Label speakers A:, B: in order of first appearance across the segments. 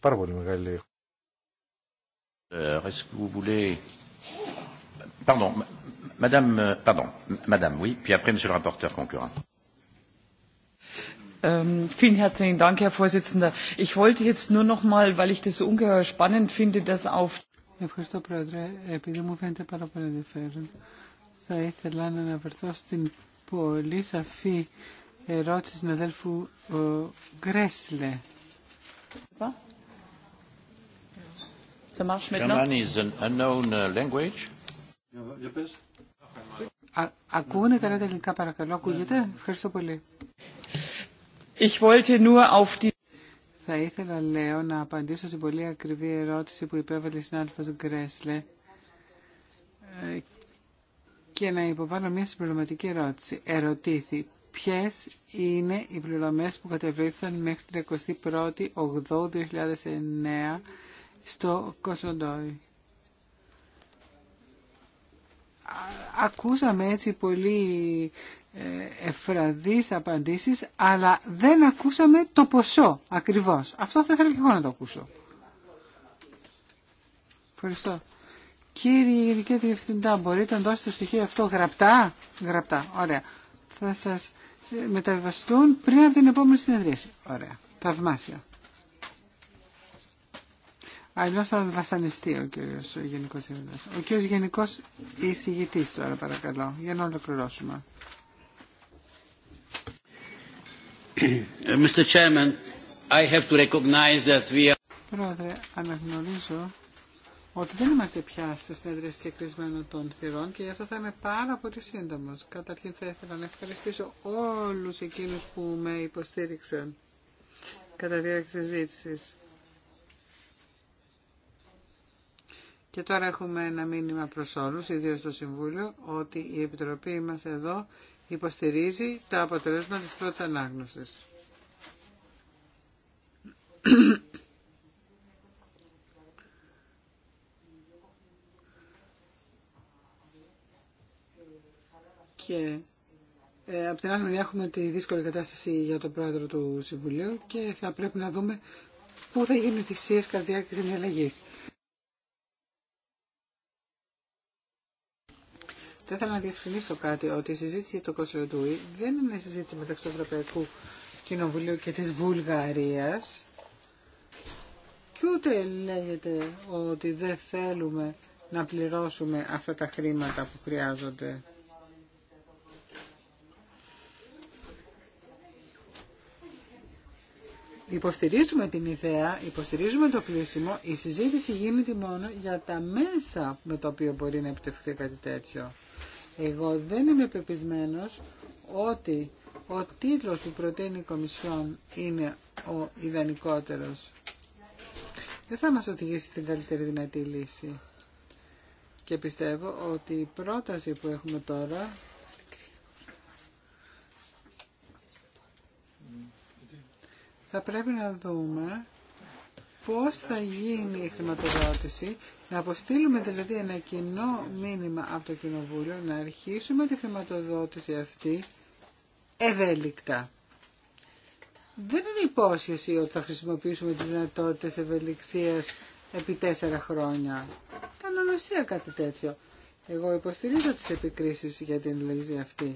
A: Πάρα πολύ μεγάλη.
B: Pardon, madame, pardon, madame, oui, puis après, monsieur le rapporteur concurrent.
C: Ähm, Vielen herzlichen Dank, Herr Vorsitzender. Ich wollte jetzt nur noch mal, weil ich das so ungeheuer spannend finde, dass auf... Ευχαριστώ, Πρόεδρε. Επειδή μου φαίνεται πάρα πολύ ενδιαφέρον, θα ήθελα να αναφερθώ στην πολύ σαφή ερώτηση του συναδέλφου Γκρέσλε. Ça marche German
B: is an unknown uh, language.
C: Ακούνε καλά τα ελληνικά παρακαλώ. Ακούγεται. Ευχαριστώ πολύ. Ich wollte nur auf die... Θα ήθελα, λέω, να απαντήσω στην πολύ ακριβή ερώτηση που υπέβαλε η συνάδελφος Γκρέσλε ε, και να υποβάλω μια συμπληρωματική ερώτηση. Ερωτήθη Ποιε είναι οι πληρωμές που κατευρύθησαν 21 31η 8 2009 στο Κοσοντόι. Ακούσαμε έτσι πολύ ε, εφραδείς απαντήσεις, αλλά δεν ακούσαμε το ποσό ακριβώς. Αυτό θα ήθελα και εγώ να το ακούσω. Ευχαριστώ. Κύριε Γενική Διευθυντά, μπορείτε να δώσετε το στοιχείο αυτό γραπτά. Γραπτά, ωραία. Θα σας ε, μεταβιβαστούν πριν από την επόμενη συνεδρίαση. Ωραία. Θαυμάσια. Αλλιώς θα βασανιστεί ο κύριος Γενικός Διευθυντής. Ο κύριος Γενικός Εισηγητής τώρα παρακαλώ, για να ολοκληρώσουμε.
B: Mr. Chairman, I have to recognize that we are...
C: Πρόεδρε, αναγνωρίζω ότι δεν είμαστε πια στη συνέδρια κλεισμένων των θυρών και γι' αυτό θα είμαι πάρα πολύ σύντομο. Καταρχήν θα ήθελα να ευχαριστήσω όλους εκείνους που με υποστήριξαν κατά διάρκεια της συζήτησης. Και τώρα έχουμε ένα μήνυμα προς όλους, ιδίως στο Συμβούλιο, ότι η Επιτροπή μας εδώ υποστηρίζει τα αποτελέσματα της πρώτης ανάγνωσης. και ε, από την άλλη μεριά έχουμε τη δύσκολη κατάσταση για τον πρόεδρο του Συμβουλίου και θα πρέπει να δούμε πού θα γίνουν οι θυσίες κατά τη διάρκεια της Θα ήθελα να διευκρινίσω κάτι, ότι η συζήτηση για το Κοσλοτούι δεν είναι συζήτηση μεταξύ του Ευρωπαϊκού Κοινοβουλίου και της Βουλγαρίας και ούτε λέγεται ότι δεν θέλουμε να πληρώσουμε αυτά τα χρήματα που χρειάζονται. Υποστηρίζουμε την ιδέα, υποστηρίζουμε το πλήσιμο. η συζήτηση γίνεται μόνο για τα μέσα με τα οποία μπορεί να επιτευχθεί κάτι τέτοιο. Εγώ δεν είμαι πεπισμένο ότι ο τίτλος που προτείνει η Κομισιόν είναι ο ιδανικότερος. Δεν θα μας οδηγήσει την καλύτερη δυνατή λύση. Και πιστεύω ότι η πρόταση που έχουμε τώρα θα πρέπει να δούμε πώς θα γίνει η χρηματοδότηση να αποστείλουμε δηλαδή ένα κοινό μήνυμα από το Κοινοβούλιο, να αρχίσουμε τη χρηματοδότηση αυτή ευέλικτα. Δεν είναι υπόσχεση ότι θα χρησιμοποιήσουμε τις δυνατότητες ευελιξίας επί τέσσερα χρόνια. Ήταν κάτι τέτοιο. Εγώ υποστηρίζω τις επικρίσεις για την λογική αυτή.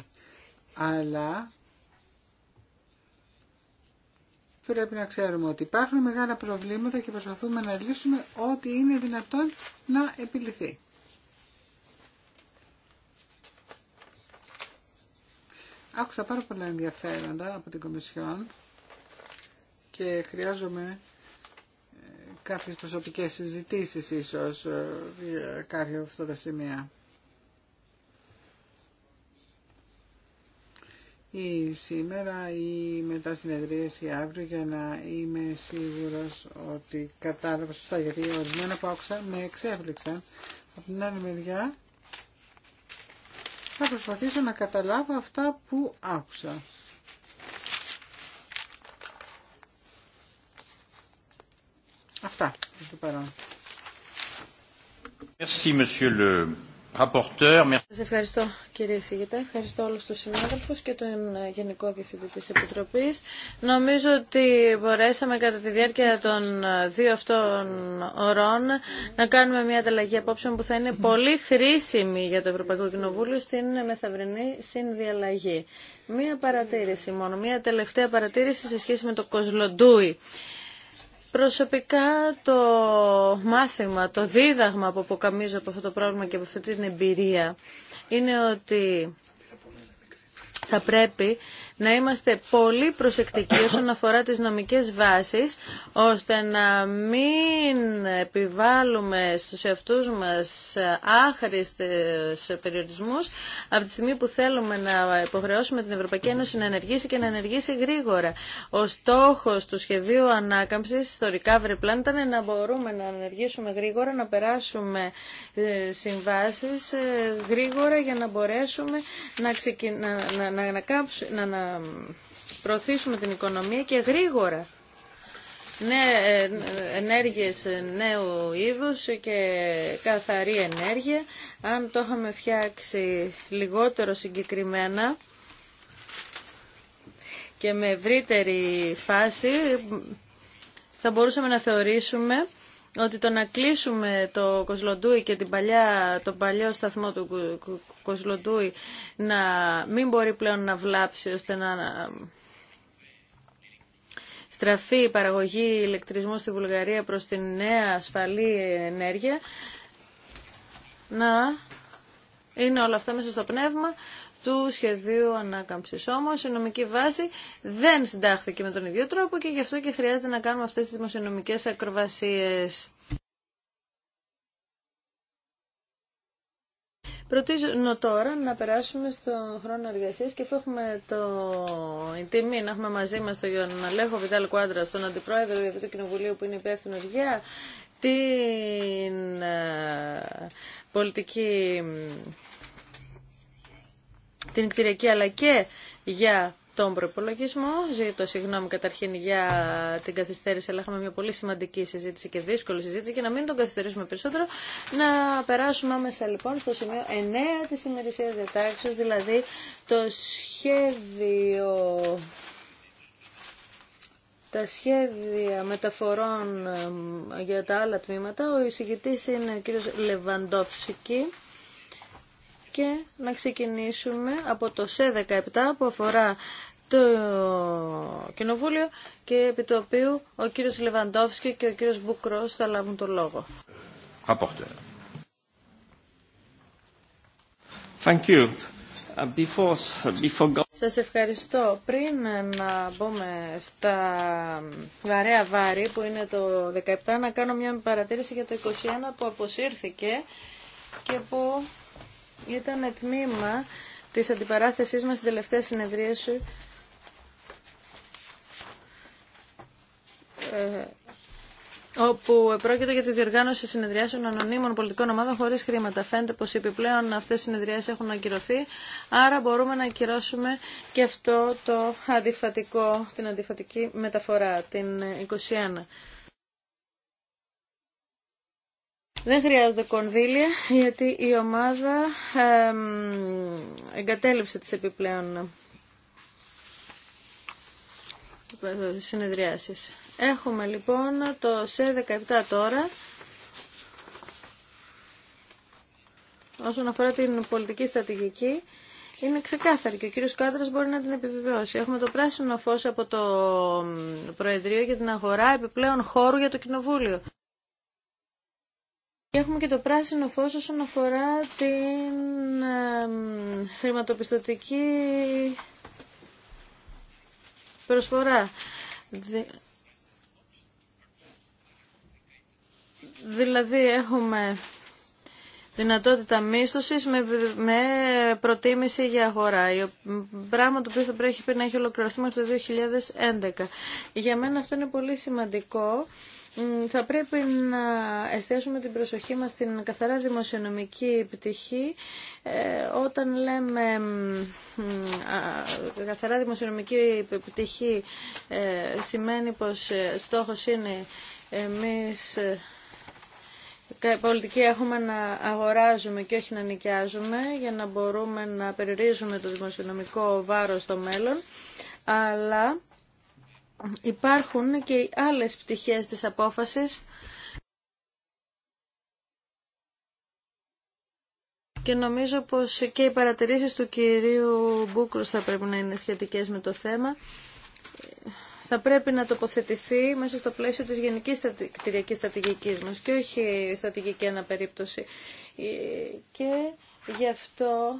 C: Αλλά πρέπει να ξέρουμε ότι υπάρχουν μεγάλα προβλήματα και προσπαθούμε να λύσουμε ό,τι είναι δυνατόν να επιληθεί. Άκουσα πάρα πολλά ενδιαφέροντα από την Κομισιόν και χρειάζομαι ε, κάποιες προσωπικές συζητήσεις ίσως ε, για κάποια από αυτά τα σημεία. ή σήμερα ή μετά ή αύριο για να είμαι σίγουρος ότι κατάλαβα σωστά γιατί ορισμένα που άκουσα με εξέπληξαν. Από την άλλη μεριά θα προσπαθήσω να καταλάβω αυτά που άκουσα.
D: Αυτά
B: σας
D: ευχαριστώ κύριε Σιγητά, ευχαριστώ όλους τους συνάδελφους και τον ε, Γενικό Διευθυντή της Επιτροπής. Νομίζω ότι μπορέσαμε κατά τη διάρκεια των ε, δύο αυτών ωρών να κάνουμε μια ανταλλαγή απόψεων που θα είναι πολύ χρήσιμη για το Ευρωπαϊκό Κοινοβούλιο στην μεθαυρινή συνδιαλλαγή. Μια παρατήρηση μόνο, μια τελευταία παρατήρηση σε σχέση με το Κοσλοντούι. Προσωπικά το μάθημα, το δίδαγμα που αποκαμίζω από αυτό το πρόβλημα και από αυτή την εμπειρία είναι ότι θα πρέπει να είμαστε πολύ προσεκτικοί όσον αφορά τις νομικές βάσεις, ώστε να μην επιβάλλουμε στους εαυτούς μας άχρηστες περιορισμούς από τη στιγμή που θέλουμε να υποχρεώσουμε την Ευρωπαϊκή Ένωση να ενεργήσει και να ενεργήσει γρήγορα. Ο στόχος του σχεδίου ανάκαμψης ιστορικά Plan ήταν να μπορούμε να ενεργήσουμε γρήγορα, να περάσουμε ε, συμβάσεις ε, γρήγορα για να μπορέσουμε να, ξεκι... να, να προωθήσουμε την οικονομία και γρήγορα ναι, ε, ενέργειες νέου είδους και καθαρή ενέργεια. Αν το είχαμε φτιάξει λιγότερο συγκεκριμένα και με ευρύτερη φάση, θα μπορούσαμε να θεωρήσουμε ότι το να κλείσουμε το Κοσλοντούι και την παλιά, τον παλιό σταθμό του Κοσλοντούι να μην μπορεί πλέον να βλάψει ώστε να στραφεί η παραγωγή ηλεκτρισμού στη Βουλγαρία προς την νέα ασφαλή ενέργεια να είναι όλα αυτά μέσα στο πνεύμα του σχεδίου ανάκαμψη. Όμω η νομική βάση δεν συντάχθηκε με τον ίδιο τρόπο και γι' αυτό και χρειάζεται να κάνουμε αυτέ τι δημοσιονομικέ ακροβασίε. Προτίζω τώρα να περάσουμε στον χρόνο εργασία και αφού έχουμε το... η τιμή να έχουμε μαζί μα τον Αλέχο Βιτάλ Κουάντρα, τον αντιπρόεδρο του Κοινοβουλίου που είναι υπεύθυνο για την ε, πολιτική την κτηριακή αλλά και για τον προπολογισμό. Ζήτω συγγνώμη καταρχήν για την καθυστέρηση, αλλά είχαμε μια πολύ σημαντική συζήτηση και δύσκολη συζήτηση και να μην τον καθυστερήσουμε περισσότερο. Να περάσουμε άμεσα λοιπόν στο σημείο 9 τη ημερησίας διατάξεω, δηλαδή το σχέδιο τα σχέδια μεταφορών ε, για τα άλλα τμήματα. Ο εισηγητής είναι ο κύριος Λεβαντόφσικη και να ξεκινήσουμε από το σε 17 που αφορά το Κοινοβούλιο και επί το οποίο ο κύριος Λεβαντόφσκι και ο κύριος Μπουκρός θα λάβουν το λόγο.
B: Thank you. Uh, before, before...
D: Σας ευχαριστώ. Πριν να μπούμε στα βαρέα βάρη που είναι το 17, να κάνω μια παρατήρηση για το 21 που αποσύρθηκε και που ήταν τμήμα της αντιπαράθεσής μας στην τελευταία συνεδρίαση ε, όπου πρόκειται για τη διοργάνωση συνεδριάσεων ανωνύμων πολιτικών ομάδων χωρίς χρήματα. Φαίνεται πως επιπλέον αυτές οι συνεδριάσεις έχουν ακυρωθεί, άρα μπορούμε να ακυρώσουμε και αυτό το αντιφατικό, την αντιφατική μεταφορά, την 21. Δεν χρειάζονται κονδύλια γιατί η ομάδα εγκατέλειψε τις επιπλέον ε, συνεδριάσεις. Έχουμε λοιπόν το σε 17 τώρα. Όσον αφορά την πολιτική στρατηγική, είναι ξεκάθαρη και ο κύριος Κάτρας μπορεί να την επιβεβαιώσει. Έχουμε το πράσινο φως από το Προεδρείο για την αγορά επιπλέον χώρου για το Κοινοβούλιο. Έχουμε και το πράσινο φως όσον αφορά την χρηματοπιστωτική προσφορά. Δηλαδή έχουμε δυνατότητα μίσθωσης με, με προτίμηση για αγορά. Πράγμα το οποίο θα πρέπει να έχει ολοκληρωθεί μέχρι το 2011. Για μένα αυτό είναι πολύ σημαντικό θα πρέπει να εστιάσουμε την προσοχή μας στην καθαρά δημοσιονομική πτυχή ε, όταν λέμε καθαρά δημοσιονομική πτυχή ε, σημαίνει πως ε, στόχος είναι εμείς πολιτική έχουμε να αγοράζουμε και όχι να νοικιάζουμε για να μπορούμε να περιορίζουμε το δημοσιονομικό βάρος στο μέλλον αλλά υπάρχουν και οι άλλες πτυχές της απόφασης και νομίζω πως και οι παρατηρήσεις του κυρίου Μπούκρου θα πρέπει να είναι σχετικές με το θέμα. Θα πρέπει να τοποθετηθεί μέσα στο πλαίσιο της γενικής κτηριακής στρατηγικής μας και όχι στρατηγική αναπερίπτωση. Ε, και γι' αυτό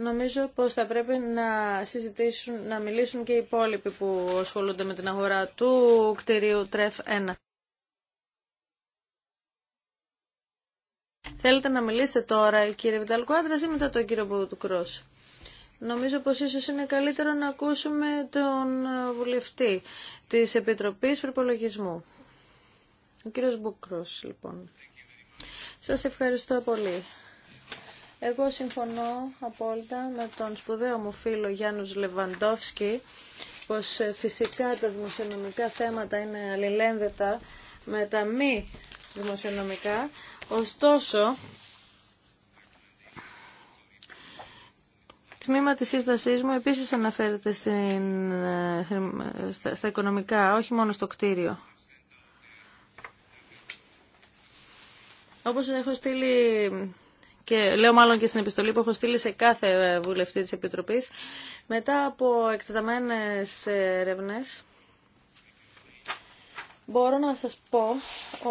D: Νομίζω πως θα πρέπει να συζητήσουν, να μιλήσουν και οι υπόλοιποι που ασχολούνται με την αγορά του κτηρίου ΤΡΕΦ 1. Θέλετε να μιλήσετε τώρα κύριε Βιταλκού ή μετά τον κύριο Μπουτουκρός. Νομίζω πως ίσως είναι καλύτερο να ακούσουμε τον βουλευτή της Επιτροπής Προπολογισμού. Ο κύριος Μπουκρός λοιπόν. Σας ευχαριστώ πολύ. Εγώ συμφωνώ απόλυτα με τον σπουδαίο μου φίλο Γιάννους Λεβαντόφσκι πως ε, φυσικά τα δημοσιονομικά θέματα είναι αλληλένδετα με τα μη δημοσιονομικά. Ωστόσο, τμήμα της σύστασής μου επίσης αναφέρεται στην, ε, στα, στα οικονομικά, όχι μόνο στο κτίριο. Όπως έχω στείλει και λέω μάλλον και στην επιστολή που έχω στείλει σε κάθε ε, βουλευτή της Επιτροπής, μετά από εκτεταμένες έρευνε. Ε, μπορώ να σας πω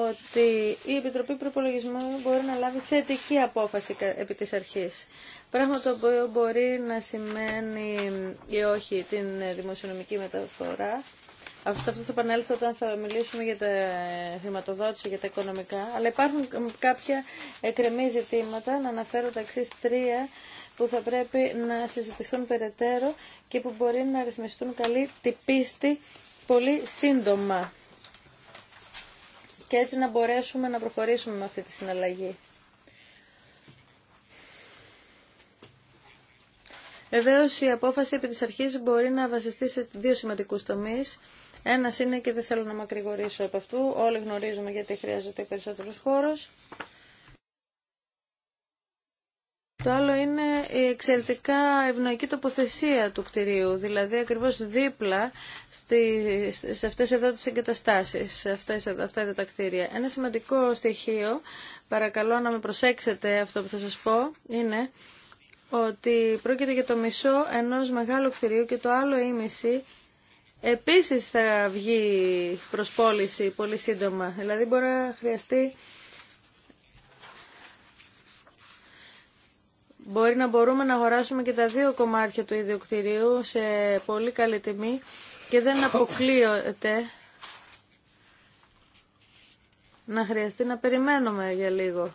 D: ότι η Επιτροπή Προπολογισμού μπορεί να λάβει θετική απόφαση επί της αρχής. Πράγμα το οποίο μπορεί να σημαίνει ή όχι την δημοσιονομική μεταφορά σε αυτό θα επανέλθω όταν θα μιλήσουμε για τα χρηματοδότηση, για τα οικονομικά. Αλλά υπάρχουν κάποια εκρεμή ζητήματα. Να αναφέρω τα εξή τρία που θα πρέπει να συζητηθούν περαιτέρω και που μπορεί να ρυθμιστούν καλή την πίστη πολύ σύντομα. Και έτσι να μπορέσουμε να προχωρήσουμε με αυτή τη συναλλαγή. Βεβαίω η απόφαση επί της αρχής μπορεί να βασιστεί σε δύο σημαντικούς τομείς. Ένας είναι και δεν θέλω να μακρηγορήσω από αυτού. Όλοι γνωρίζουμε γιατί χρειάζεται περισσότερο χώρος. Το άλλο είναι η εξαιρετικά ευνοϊκή τοποθεσία του κτηρίου, δηλαδή ακριβώς δίπλα στη, σε αυτές εδώ τις εγκαταστάσεις, σε αυτές, αυτά εδώ τα κτίρια. Ένα σημαντικό στοιχείο, παρακαλώ να με προσέξετε αυτό που θα σας πω, είναι ότι πρόκειται για το μισό ενός μεγάλου κτηρίου και το άλλο ήμιση επίσης θα βγει προσπόληση πολύ σύντομα. Δηλαδή μπορεί να χρειαστεί Μπορεί να μπορούμε να αγοράσουμε και τα δύο κομμάτια του ιδιοκτηρίου σε πολύ καλή τιμή και δεν αποκλείεται να χρειαστεί να περιμένουμε για λίγο.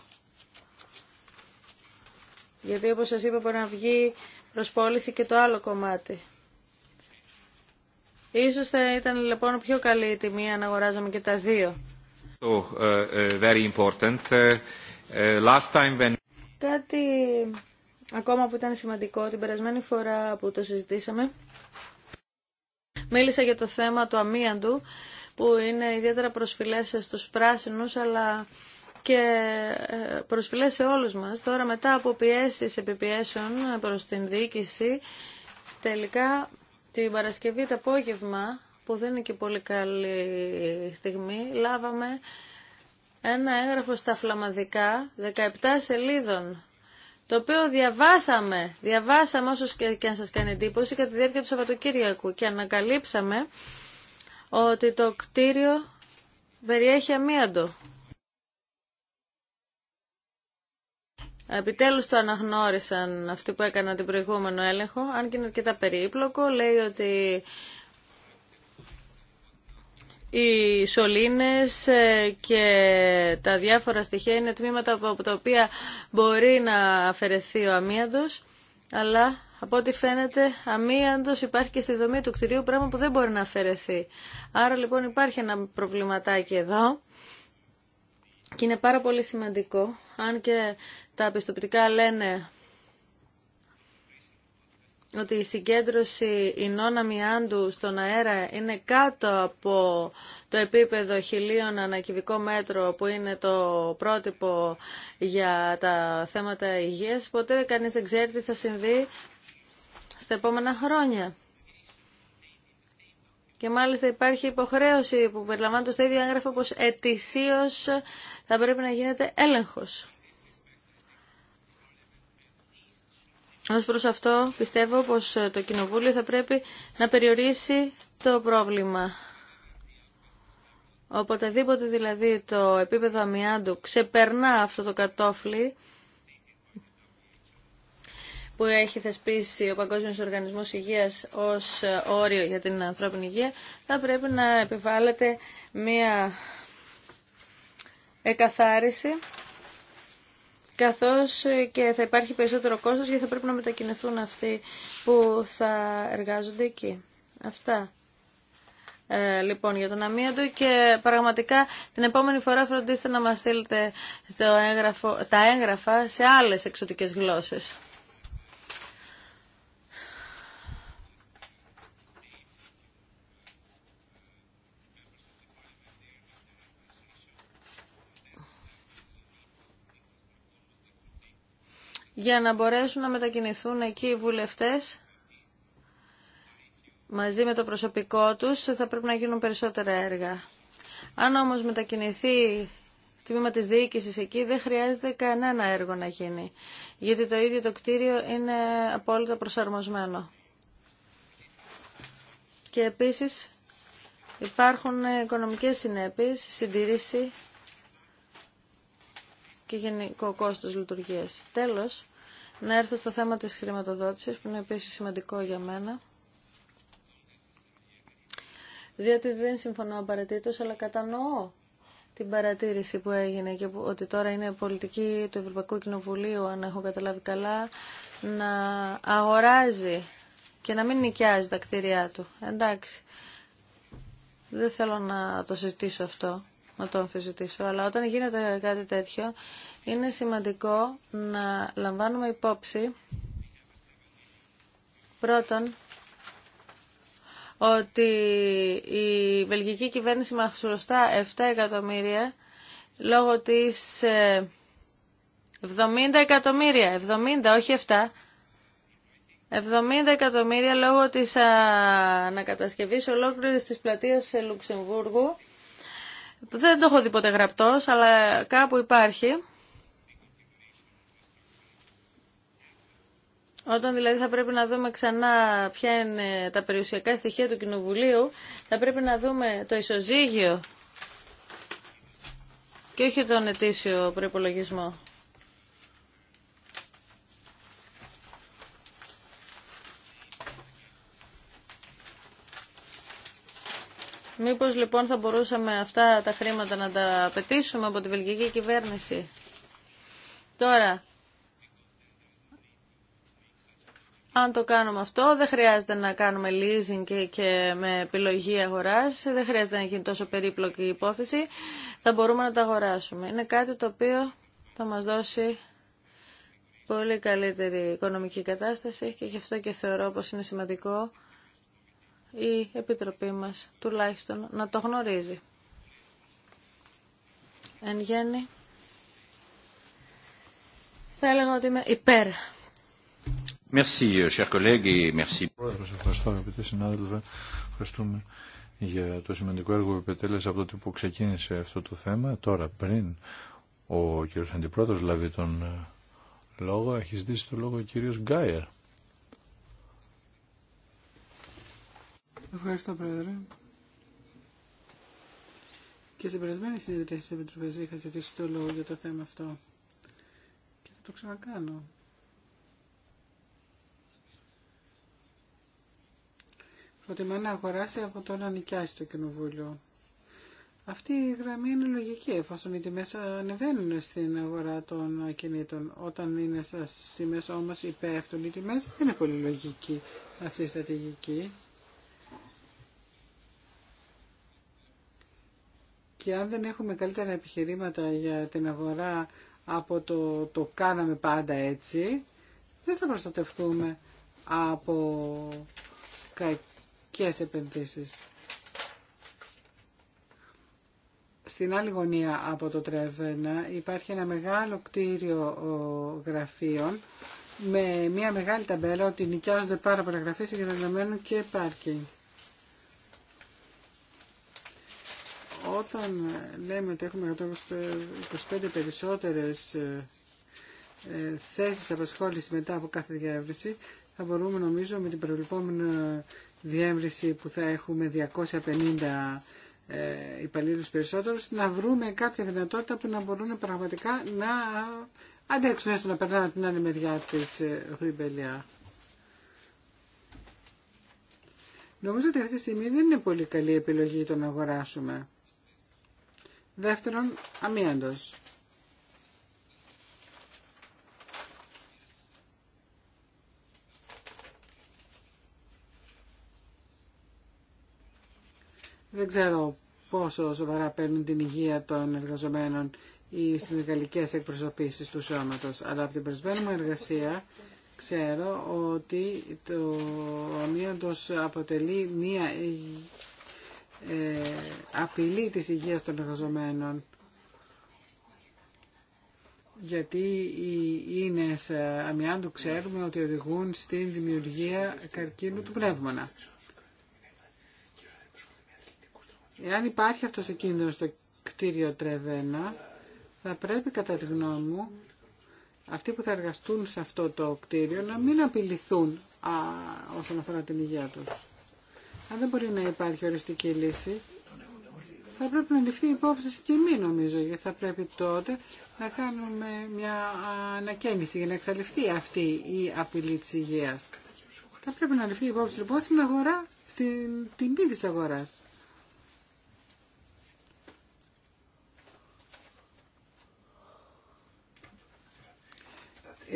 D: Γιατί όπως σας είπα μπορεί να βγει προσπόληση και το άλλο κομμάτι. Ίσως θα ήταν λοιπόν πιο καλή η τιμή αν αγοράζαμε και τα δύο.
A: So, ε, ε, very important. Ε, last time when...
D: Κάτι ακόμα που ήταν σημαντικό την περασμένη φορά που το συζητήσαμε μίλησα για το θέμα του αμίαντου που είναι ιδιαίτερα προσφυλές στους πράσινους αλλά και προσφυλές σε όλους μας. Τώρα μετά από πιέσεις επιπιέσεων προς την διοίκηση τελικά την Παρασκευή το απόγευμα, που δεν είναι και πολύ καλή στιγμή, λάβαμε ένα έγγραφο στα φλαμαδικά 17 σελίδων το οποίο διαβάσαμε, διαβάσαμε όσο και αν σας κάνει εντύπωση κατά τη διάρκεια του Σαββατοκύριακου και ανακαλύψαμε ότι το κτίριο περιέχει αμύαντο. Επιτέλους το αναγνώρισαν αυτοί που έκαναν την προηγούμενο έλεγχο, αν και είναι αρκετά περίπλοκο. Λέει ότι οι σωλήνες ε, και τα διάφορα στοιχεία είναι τμήματα από τα οποία μπορεί να αφαιρεθεί ο αμύαντος, αλλά από ό,τι φαίνεται αμύαντος υπάρχει και στη δομή του κτηρίου, πράγμα που δεν μπορεί να αφαιρεθεί. Άρα λοιπόν υπάρχει ένα προβληματάκι εδώ. Και είναι πάρα πολύ σημαντικό, αν και τα πιστοποιητικά λένε ότι η συγκέντρωση ινών αμοιάντου στον αέρα είναι κάτω από το επίπεδο χιλίων ανακυβικό μέτρο που είναι το πρότυπο για τα θέματα υγείας, ποτέ κανείς δεν ξέρει τι θα συμβεί στα επόμενα χρόνια. Και μάλιστα υπάρχει υποχρέωση που περιλαμβάνεται στο ίδιο έγγραφο πως ετησίως θα πρέπει να γίνεται έλεγχος. Ω προς αυτό πιστεύω πως το Κοινοβούλιο θα πρέπει να περιορίσει το πρόβλημα. Οποτεδήποτε δηλαδή το επίπεδο αμοιάντου ξεπερνά αυτό το κατόφλι, που έχει θεσπίσει ο Παγκόσμιος Οργανισμός Υγείας ως ε, όριο για την ανθρώπινη υγεία, θα πρέπει να επιβάλλεται μία εκαθάριση καθώς ε, και θα υπάρχει περισσότερο κόστος γιατί θα πρέπει να μετακινηθούν αυτοί που θα εργάζονται εκεί. Αυτά. Ε, λοιπόν, για τον αμύαντο και πραγματικά την επόμενη φορά φροντίστε να μας στείλετε τα έγγραφα σε άλλες εξωτικές γλώσσες. για να μπορέσουν να μετακινηθούν εκεί οι βουλευτές μαζί με το προσωπικό τους θα πρέπει να γίνουν περισσότερα έργα. Αν όμως μετακινηθεί τμήμα της διοίκησης εκεί δεν χρειάζεται κανένα έργο να γίνει γιατί το ίδιο το κτίριο είναι απόλυτα προσαρμοσμένο. Και επίσης υπάρχουν οικονομικές συνέπειες, συντηρήση και γενικό κόστος λειτουργίας. Τέλος, να έρθω στο θέμα της χρηματοδότησης, που είναι επίσης σημαντικό για μένα. Διότι δεν συμφωνώ απαραίτητο, αλλά κατανοώ την παρατήρηση που έγινε και ότι τώρα είναι πολιτική του Ευρωπαϊκού Κοινοβουλίου, αν έχω καταλάβει καλά, να αγοράζει και να μην νοικιάζει τα κτίρια του. Εντάξει, δεν θέλω να το συζητήσω αυτό, να το αμφισβητήσω, αλλά όταν γίνεται κάτι τέτοιο, είναι σημαντικό να λαμβάνουμε υπόψη πρώτον ότι η βελγική κυβέρνηση μαχαιροστά χρωστά 7 εκατομμύρια λόγω της 70 ε, εκατομμύρια, 70 όχι 7, 70 εκατομμύρια λόγω της ανακατασκευής ολόκληρης της πλατείας Λουξεμβούργου. Δεν το έχω δει ποτέ γραπτός, αλλά κάπου υπάρχει. Όταν δηλαδή θα πρέπει να δούμε ξανά ποια είναι τα περιουσιακά στοιχεία του Κοινοβουλίου, θα πρέπει να δούμε το ισοζύγιο και όχι τον ετήσιο προπολογισμό. Μήπως λοιπόν θα μπορούσαμε αυτά τα χρήματα να τα απαιτήσουμε από τη βελγική κυβέρνηση. Τώρα, Αν το κάνουμε αυτό, δεν χρειάζεται να κάνουμε leasing και, και με επιλογή αγοράς, δεν χρειάζεται να γίνει τόσο περίπλοκη υπόθεση, θα μπορούμε να τα αγοράσουμε. Είναι κάτι το οποίο θα μας δώσει πολύ καλύτερη οικονομική κατάσταση και γι' αυτό και θεωρώ πως είναι σημαντικό η Επιτροπή μας τουλάχιστον να το γνωρίζει. Εν γέννη, θα έλεγα ότι είμαι υπέρ
B: Euh, ευχαριστώ
A: αγαπητοί συνάδελφε. Ευχαριστούμε για το σημαντικό έργο που επιτέλεσε από τότε που ξεκίνησε αυτό το θέμα. Τώρα πριν ο κύριος Αντιπρόεδρος λάβει τον ε, λόγο, έχει ζητήσει το λόγο ο κύριος Γκάιερ.
C: Ευχαριστώ Πρόεδρε. Και στην περασμένη συνεδρία τη Επιτροπή είχα ζητήσει το λόγο για το θέμα αυτό. Και θα το ξανακάνω. προτιμά να αγοράσει από το να νοικιάσει το κοινοβούλιο. Αυτή η γραμμή είναι λογική, εφόσον οι τιμές ανεβαίνουν στην αγορά των ακινήτων. Όταν είναι στις σημεία όμως υπέφτουν οι τιμές, δεν είναι πολύ λογική αυτή η στρατηγική. Και αν δεν έχουμε καλύτερα επιχειρήματα για την αγορά από το «το κάναμε πάντα έτσι», δεν θα προστατευτούμε από κακή ποιε επενδύσει. Στην άλλη γωνία από το Τρέβενα υπάρχει ένα μεγάλο κτίριο γραφείων με μια μεγάλη ταμπέλα ότι νοικιάζονται πάρα πολλά γραφεία συγκεκριμένου και πάρκινγκ. Όταν λέμε ότι έχουμε 125 περισσότερες ε, ε, θέσεις απασχόλησης μετά από κάθε διεύρυνση, θα μπορούμε νομίζω με την προβλεπόμενη διεύρυνση που θα έχουμε 250 ε, υπαλλήλους περισσότερους, να βρούμε κάποια δυνατότητα που να μπορούν πραγματικά να αντέξουν έστω να περνάνε την άλλη μεριά της ε, Ρουμπελιά. Νομίζω ότι αυτή τη στιγμή δεν είναι πολύ καλή επιλογή το να αγοράσουμε. Δεύτερον, αμύαντος. Δεν ξέρω πόσο σοβαρά παίρνουν την υγεία των εργαζομένων οι συνδικαλικές εκπροσωπήσει του σώματο. Αλλά από την προσβέρνη μου εργασία ξέρω ότι το αμύαντος αποτελεί μία ε, απειλή της υγείας των εργαζομένων. Γιατί οι ίνες αμοιάντου ξέρουμε ότι οδηγούν στην δημιουργία καρκίνου του πνεύμονα. Εάν υπάρχει αυτός ο κίνδυνος στο κτίριο Τρεβένα, θα πρέπει κατά τη γνώμη μου αυτοί που θα εργαστούν σε αυτό το κτίριο να μην απειληθούν α, όσον αφορά την υγεία τους. Αν δεν μπορεί να υπάρχει οριστική λύση, θα πρέπει να ληφθεί υπόψη και μη νομίζω, γιατί θα πρέπει τότε να κάνουμε μια ανακαίνιση για να εξαλειφθεί αυτή η απειλή της υγείας. Θα πρέπει να ληφθεί υπόψη λοιπόν στην αγορά, στην τιμή της αγοράς.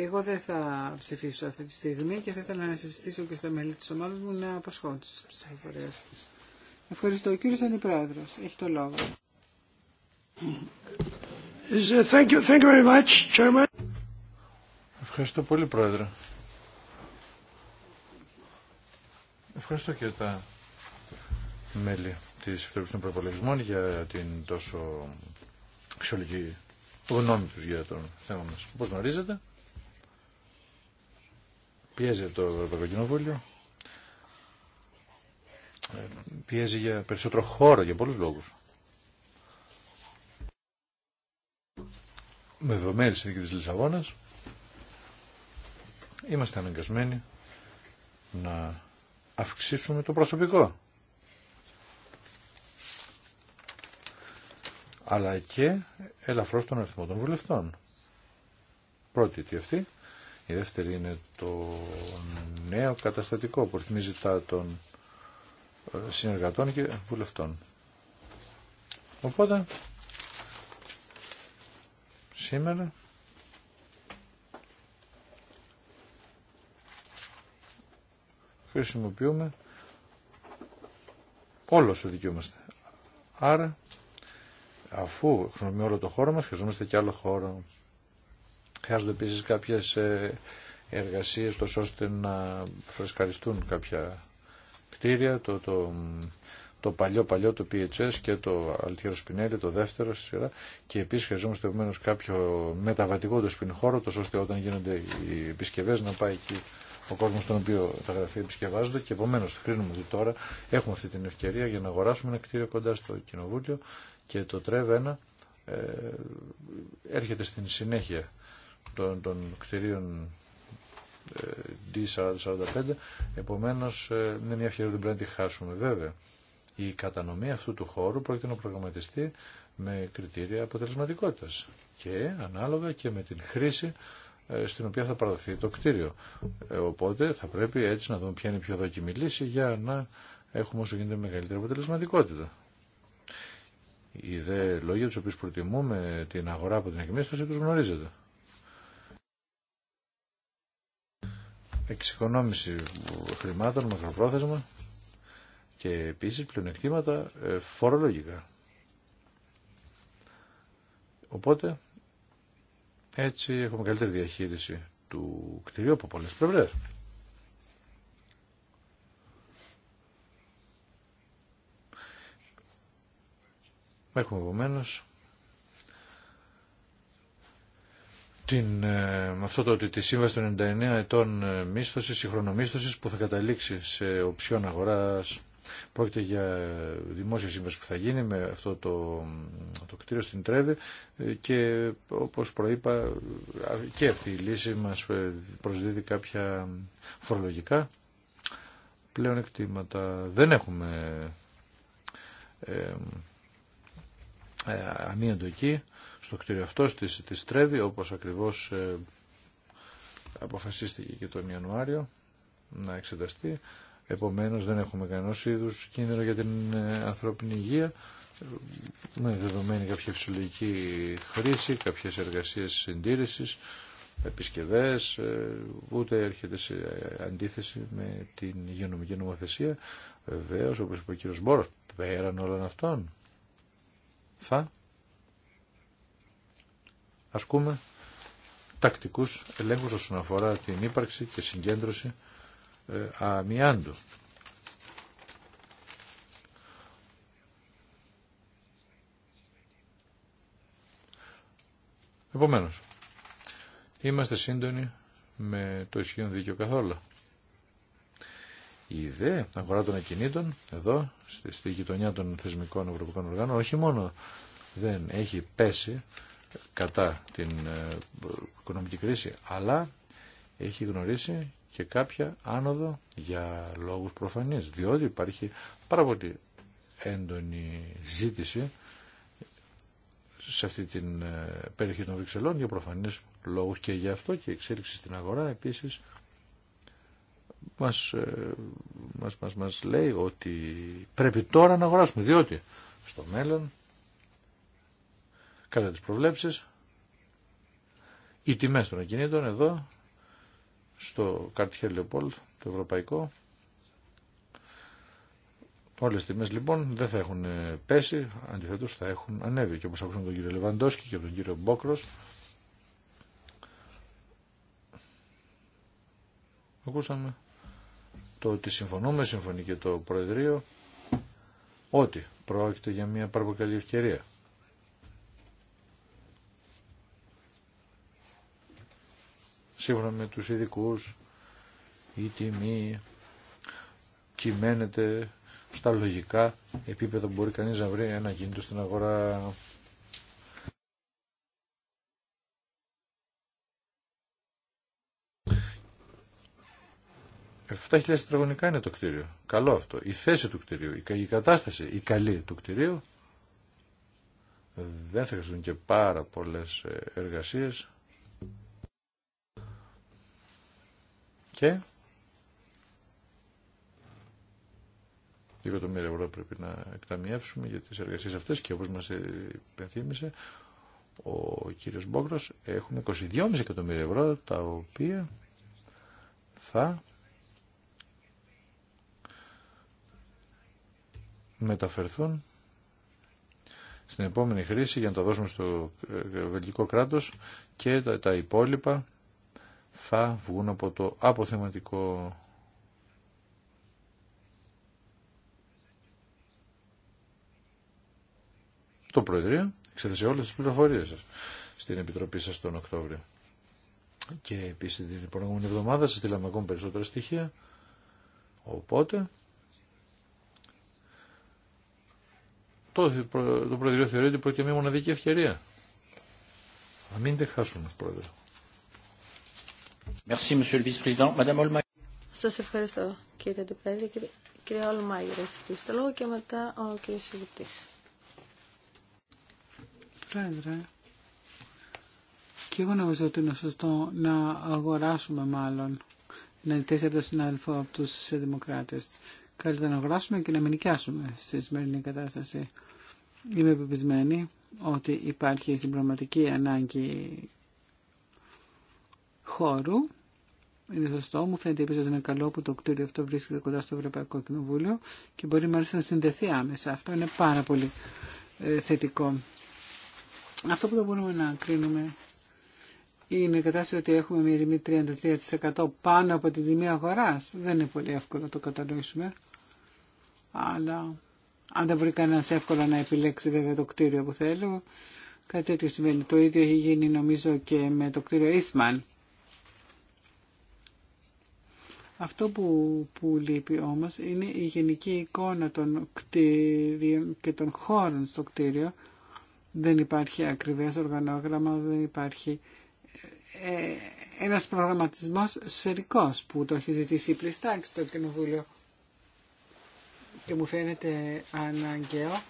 C: Εγώ δεν θα ψηφίσω αυτή τη στιγμή και θα ήθελα να συζητήσω και στα μέλη της ομάδας μου να απασχόλω τις ψηφοφορίες. Ευχαριστώ. Ο κύριος Αντιπρόεδρος. Έχει το λόγο.
A: Uh, thank you, thank you very much, Chairman. Ευχαριστώ πολύ, Πρόεδρε. Ευχαριστώ και τα μέλη της Επιτροπής των Προπολογισμών για την τόσο αξιολογική γνώμη τους για το θέμα μας. Όπως γνωρίζετε, πιέζει το Ευρωπαϊκό Κοινοβούλιο. Ε, πιέζει για περισσότερο χώρο για πολλούς λόγους. Με δεδομένη συνήθεια της Λισαβόνας είμαστε αναγκασμένοι να αυξήσουμε το προσωπικό. αλλά και ελαφρώς τον αριθμό των βουλευτών. Πρώτη τι αυτή, η δεύτερη είναι το νέο καταστατικό που ρυθμίζει τα των ε, συνεργατών και βουλευτών. Οπότε, σήμερα χρησιμοποιούμε όλο όσο δικαιούμαστε. Άρα, αφού χρησιμοποιούμε όλο το χώρο μας, χρησιμοποιούμε και άλλο χώρο. Χρειάζονται επίση κάποιε εργασίε ώστε να φρεσκαριστούν κάποια κτίρια. Το, το, το παλιό παλιό το PHS και το Αλτιέρο Σπινέλη, το δεύτερο στη σειρά. Και επίση χρειαζόμαστε επομένω κάποιο μεταβατικό το σπιν ώστε όταν γίνονται οι επισκευέ να πάει εκεί ο κόσμο τον οποίο τα γραφεία επισκευάζονται. Και επομένω κρίνουμε ότι τώρα έχουμε αυτή την ευκαιρία για να αγοράσουμε ένα κτίριο κοντά στο Κοινοβούλιο και το ΤΡΕΒ έρχεται στην συνέχεια των, των κτηρίων ε, D4045. Επομένως, ε, είναι μια ευκαιρία που δεν πρέπει να τη χάσουμε. Βέβαια, η κατανομή αυτού του χώρου πρόκειται να προγραμματιστεί με κριτήρια αποτελεσματικότητας και ανάλογα και με την χρήση ε, στην οποία θα παραδοθεί το κτίριο. Οπότε θα πρέπει έτσι να δούμε ποια είναι η πιο δοκιμή λύση για να έχουμε όσο γίνεται μεγαλύτερη αποτελεσματικότητα. Οι δε λόγια του οποίου προτιμούμε την αγορά από την εκμίσθωση του γνωρίζετε. εξοικονόμηση χρημάτων μακροπρόθεσμα και επίσης πλεονεκτήματα ε, φορολογικά. Οπότε έτσι έχουμε καλύτερη διαχείριση του κτηρίου από πολλές πλευρές. Έχουμε επομένως την, ε, με αυτό το ότι τη σύμβαση των 99 ετών ε, μίσθωσης, συγχρονομίσθωση που θα καταλήξει σε οψιόν αγοράς Πρόκειται για ε, δημόσια σύμβαση που θα γίνει με αυτό το, το κτίριο στην Τρέβη και όπως προείπα και αυτή η λύση μας προσδίδει κάποια φορολογικά πλέον εκτίματα. Δεν έχουμε ε, ε, αμύαντο εκεί στο κτίριο αυτό, στη, στη Στρέβη, όπως ακριβώς ε, αποφασίστηκε και τον Ιανουάριο να εξεταστεί. Επομένως δεν έχουμε κανένα είδου κίνδυνο για την ε, ανθρώπινη υγεία με δεδομένη κάποια φυσιολογική χρήση, κάποιες εργασίες συντήρησης, επισκευές, ε, ούτε έρχεται σε αντίθεση με την υγειονομική νομοθεσία. Βεβαίω, όπως είπε ο κύριος Μπόρος, πέραν όλων αυτών θα ασκούμε τακτικούς ελέγχους όσον αφορά την ύπαρξη και συγκέντρωση ε, αμοιάντου. Επομένως, είμαστε σύντονοι με το ισχύον δίκαιο καθόλου. Η ιδέα αγορά των ακινήτων εδώ, στη, στη γειτονιά των θεσμικών ευρωπαϊκών οργάνων, όχι μόνο δεν έχει πέσει κατά την ε, οικονομική κρίση, αλλά έχει γνωρίσει και κάποια άνοδο για λόγους προφανείς, διότι υπάρχει πάρα πολύ έντονη ζήτηση σε αυτή την ε, περιοχή των Βρυξελών για προφανείς λόγους και γι' αυτό και η εξέλιξη στην αγορά επίσης μας, ε, μας, μας, μας λέει ότι πρέπει τώρα να αγοράσουμε διότι στο μέλλον κατά τις προβλέψεις. Οι τιμές των ακινήτων εδώ, στο Cartier Leopold, το ευρωπαϊκό, Όλες οι τιμές λοιπόν δεν θα έχουν πέσει, αντιθέτως θα έχουν ανέβει. Και όπως ακούσαμε τον κύριο Λεβαντόσκη και τον κύριο Μπόκρος, ακούσαμε το ότι συμφωνούμε, συμφωνεί και το Προεδρείο, ότι πρόκειται για μια πάρα πολύ καλή ευκαιρία. σύμφωνα με τους ειδικού η τιμή κυμαίνεται στα λογικά επίπεδα που μπορεί κανείς να βρει ένα κινητό στην αγορά. «7.000 τετραγωνικά είναι το κτίριο. Καλό αυτό. Η θέση του κτίριου, η κατάσταση, η καλή του κτιρίου. Δεν θα χρειαστούν και πάρα πολλές ε, εργασίες. Και 2 εκατομμύρια ευρώ πρέπει να εκταμιεύσουμε για τις εργασίες αυτές και όπως μας υπενθύμησε ο κύριος Μπόκρος έχουμε 22,5 εκατομμύρια ευρώ τα οποία θα μεταφερθούν στην επόμενη χρήση για να τα δώσουμε στο βελγικό κράτος και τα υπόλοιπα θα βγουν από το αποθεματικό. Το Προεδρείο εξέθεσε όλες τις πληροφορίες σας στην Επιτροπή σας τον Οκτώβριο. Και επίσης την προηγούμενη εβδομάδα σας στείλαμε ακόμα περισσότερα στοιχεία. Οπότε το, το Προεδρείο θεωρεί ότι πρόκειται μια μοναδική ευκαιρία.
B: Να μην τη χάσουμε, Πρόεδρε. Σας
D: ευχαριστώ κύριε Ντεπέδη. Κύριε Ολμάγερ, έχει το λόγο και μετά ο κύριος Σιγητής.
C: Πρόεδρε, και εγώ νομίζω ότι είναι σωστό να αγοράσουμε μάλλον να ζητήσει από τον συνάδελφο από τους Δημοκράτε. Καλύτερα να αγοράσουμε και να μην νοικιάσουμε στη σημερινή κατάσταση. Είμαι επιπισμένη ότι υπάρχει συμπληρωματική ανάγκη χώρου είναι σωστό. Μου φαίνεται επίση ότι είναι καλό που το κτίριο αυτό βρίσκεται κοντά στο Ευρωπαϊκό Κοινοβούλιο και μπορεί μάλιστα να συνδεθεί άμεσα. Αυτό είναι πάρα πολύ ε, θετικό. Αυτό που δεν μπορούμε να κρίνουμε είναι η κατάσταση ότι έχουμε μια τιμή 33% πάνω από τη τιμή αγορά. Δεν είναι πολύ εύκολο να το κατανοήσουμε. Αλλά αν δεν μπορεί κανένα εύκολα να επιλέξει βέβαια το κτίριο που θέλω, κάτι τέτοιο συμβαίνει. Το ίδιο έχει γίνει νομίζω και με το κτίριο Eastman αυτό που, που λείπει όμως είναι η γενική εικόνα των κτίριων και των χώρων στο κτίριο. Δεν υπάρχει ακριβές οργανόγραμμα, δεν υπάρχει ε, ένας προγραμματισμός σφαιρικός που το έχει ζητήσει Πλιστάκη στο Κοινοβούλιο και μου φαίνεται αναγκαίο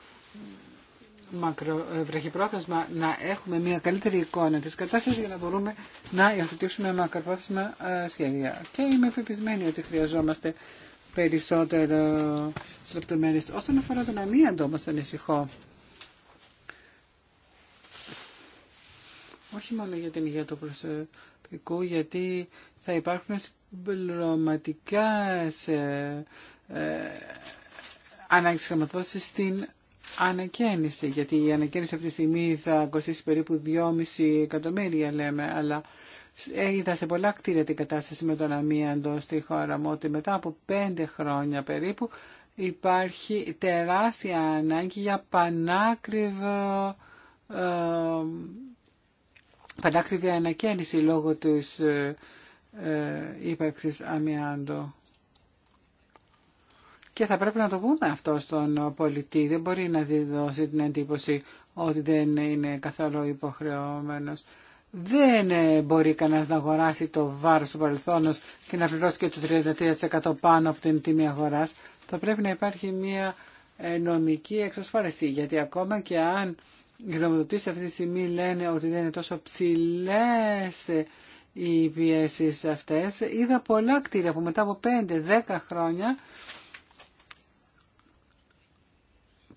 C: μακρο, βραχυπρόθεσμα να έχουμε μια καλύτερη εικόνα της κατάστασης για να μπορούμε να υιοθετήσουμε μακροπρόθεσμα ε, σχέδια. Και είμαι πεπισμένη ότι χρειαζόμαστε περισσότερο λεπτομέρειες. Όσον αφορά τον αμύαντο όμως ανησυχώ. Όχι μόνο για την υγεία του προσωπικού, γιατί θα υπάρχουν συμπληρωματικά ε, ε, στην ανακαίνιση, γιατί η ανακαίνιση αυτή τη στιγμή θα κοστίσει περίπου 2,5 εκατομμύρια λέμε, αλλά ε, είδα σε πολλά κτίρια την κατάσταση με τον αμίαντο στη χώρα μου, ότι μετά από πέντε χρόνια περίπου υπάρχει τεράστια ανάγκη για πανάκριβο ε, πανάκριβη ανακαίνιση λόγω της ε, ε ύπαρξης και θα πρέπει να το πούμε αυτό στον πολιτή. Δεν μπορεί να δώσει την εντύπωση ότι δεν είναι καθόλου υποχρεωμένος. Δεν ε, μπορεί κανένας να αγοράσει το βάρος του παρελθόνος και να πληρώσει και το 33% πάνω από την τιμή αγοράς. Θα πρέπει να υπάρχει μια ε, νομική εξασφάλιση, γιατί ακόμα και αν οι γνωμοδοτήσεις αυτή τη στιγμή λένε ότι δεν είναι τόσο ψηλέ ε, οι πιέσει αυτές, είδα πολλά κτίρια που μετά από 5-10 χρόνια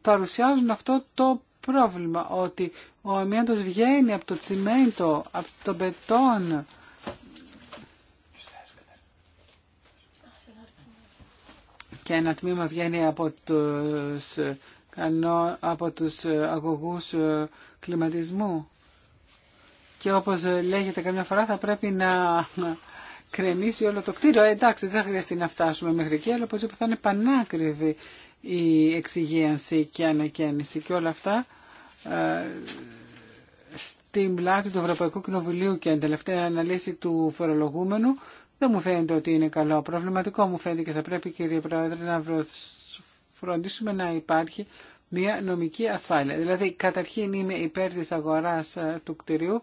C: παρουσιάζουν αυτό το πρόβλημα ότι ο αμύαντος βγαίνει από το τσιμέντο, από το μπετόν. Και ένα τμήμα βγαίνει από τους, από τους αγωγούς ε, κλιματισμού. Και όπως λέγεται καμιά φορά θα πρέπει να κρεμίσει όλο το κτίριο. Ε, εντάξει, δεν θα χρειαστεί να φτάσουμε μέχρι εκεί, αλλά πως θα είναι πανάκριβη η εξυγίανση και ανακαίνιση και όλα αυτά ε, στην πλάτη του Ευρωπαϊκού Κοινοβουλίου και την τελευταία αναλύση του φορολογούμενου δεν μου φαίνεται ότι είναι καλό. Προβληματικό μου φαίνεται και θα πρέπει κύριε Πρόεδρε να φροντίσουμε να υπάρχει μια νομική ασφάλεια. Δηλαδή καταρχήν είμαι υπέρ της αγοράς ε, του κτηρίου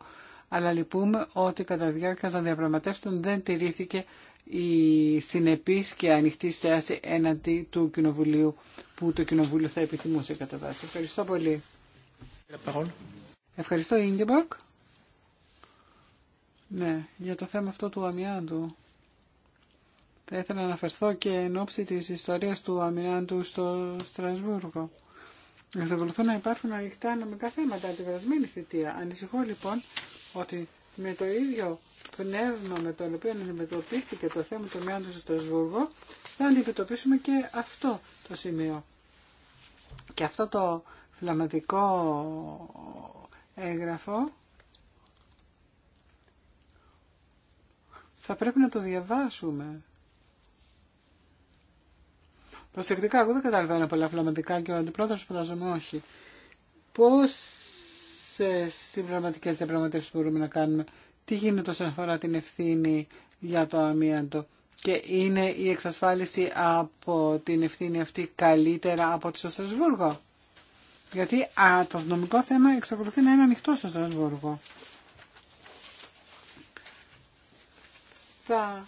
C: αλλά λυπούμε ότι κατά τη διάρκεια των διαπραγματεύσεων δεν τηρήθηκε η συνεπής και ανοιχτή στάση έναντι του Κοινοβουλίου που το Κοινοβούλιο θα επιθυμούσε κατά βάση. Ευχαριστώ πολύ. Ευχαριστώ, Ιντιμπορκ. Ναι, για το θέμα αυτό του Αμιάντου. Θα ήθελα να αναφερθώ και εν ώψη της ιστορίας του Αμιάντου στο Στρασβούργο. Εξακολουθούν να υπάρχουν ανοιχτά νομικά θέματα αντιβρασμένη θητεία. Ανησυχώ λοιπόν ότι με το ίδιο πνεύμα με το οποίο αντιμετωπίστηκε το θέμα του Μιάντου στο Στρασβούργο, θα αντιμετωπίσουμε και αυτό το σημείο. Και αυτό το φλαματικό έγγραφο θα πρέπει να το διαβάσουμε. Προσεκτικά, εγώ δεν καταλαβαίνω πολλά φλαματικά και ο αντιπρόεδρος φαντάζομαι όχι. Πώς ε, συμπληρωματικές διαπραγματεύσεις μπορούμε να κάνουμε. Τι γίνεται όσον αφορά την ευθύνη για το αμίαντο και είναι η εξασφάλιση από την ευθύνη αυτή καλύτερα από τη στο Γιατί α, το νομικό θέμα εξακολουθεί να είναι ανοιχτό στο Στρασβούργο. Θα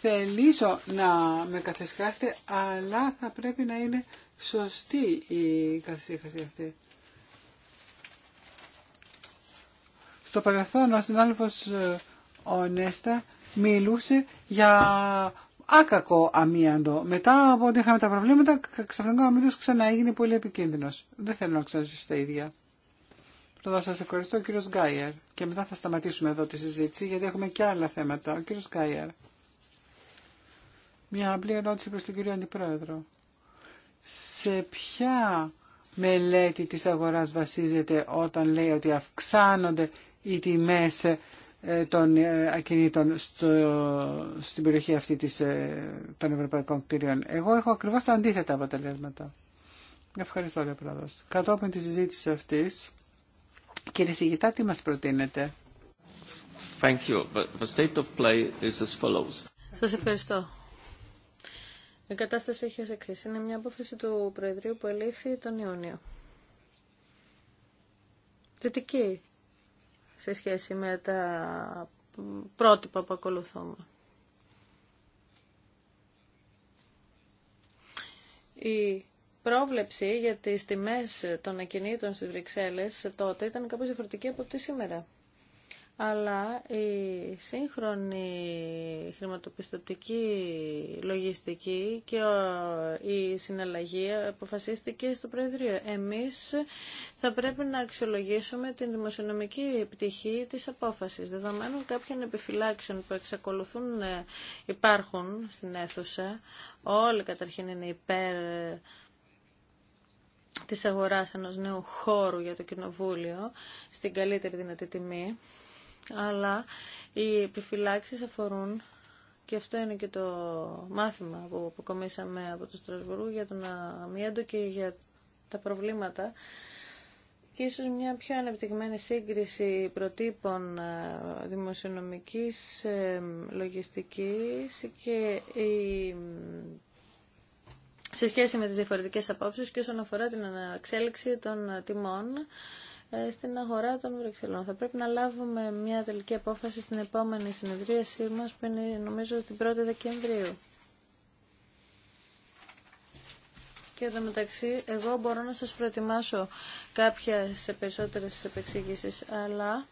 C: θελήσω να με καθεσκάσετε, αλλά θα πρέπει να είναι σωστή η καθησύχαση αυτή. Στο παρελθόν ο συνάδελφος ε, Νέστα μιλούσε για άκακο αμίαντο. Μετά από ό,τι είχαμε τα προβλήματα, ξαφνικά ο αμίαντος ξανά πολύ επικίνδυνος. Δεν θέλω να ξαναζήσω τα ίδια. Πρώτα σας ευχαριστώ ο κύριος Γκάιερ και μετά θα σταματήσουμε εδώ τη συζήτηση γιατί έχουμε και άλλα θέματα. Ο κύριος Γκάιερ. Μια απλή ερώτηση προς τον κύριο Αντιπρόεδρο. Σε ποια μελέτη της αγοράς βασίζεται όταν λέει ότι αυξάνονται οι τιμές ε, των ε, ακινήτων στο, στην περιοχή αυτή της, ε, των ευρωπαϊκών κτηρίων. Εγώ έχω ακριβώς τα αντίθετα αποτελέσματα. Ευχαριστώ, Λεπρόδος. Κατόπιν της συζήτηση αυτής, κύριε Σιγητά, τι μας προτείνετε.
B: Thank you. the state of play is as follows.
D: Σας ευχαριστώ. Η κατάσταση έχει ως εξής. Είναι μια απόφαση του Προεδρείου που ελήφθη τον Ιούνιο. Θετική σε σχέση με τα πρότυπα που ακολουθούμε. Η πρόβλεψη για τις τιμές των ακινήτων στις Βρυξέλλες τότε ήταν κάπως διαφορετική από τη σήμερα αλλά η σύγχρονη χρηματοπιστωτική λογιστική και η συναλλαγή αποφασίστηκε στο Προεδρείο. Εμείς θα πρέπει να αξιολογήσουμε την δημοσιονομική πτυχή της απόφασης, δεδομένων κάποιων επιφυλάξεων που εξακολουθούν υπάρχουν στην αίθουσα. Όλοι καταρχήν είναι υπέρ της αγοράς ενός νέου χώρου για το Κοινοβούλιο στην καλύτερη δυνατή τιμή αλλά οι επιφυλάξεις αφορούν και αυτό είναι και το μάθημα που αποκομίσαμε από το Στρασβουρού για τον αμύαντο και για τα προβλήματα και ίσως μια πιο ανεπτυγμένη σύγκριση προτύπων ε, δημοσιονομικής, ε, λογιστικής και η σε σχέση με τις διαφορετικές απόψεις και όσον αφορά την εξέλιξη των τιμών ε, στην αγορά των Βρυξελών. Θα πρέπει να λάβουμε μια τελική απόφαση στην επόμενη συνεδρίασή μας που είναι νομίζω την 1η Δεκεμβρίου. Και εδώ μεταξύ εγώ μπορώ να σας προετοιμάσω σε περισσότερες επεξήγησεις, αλλά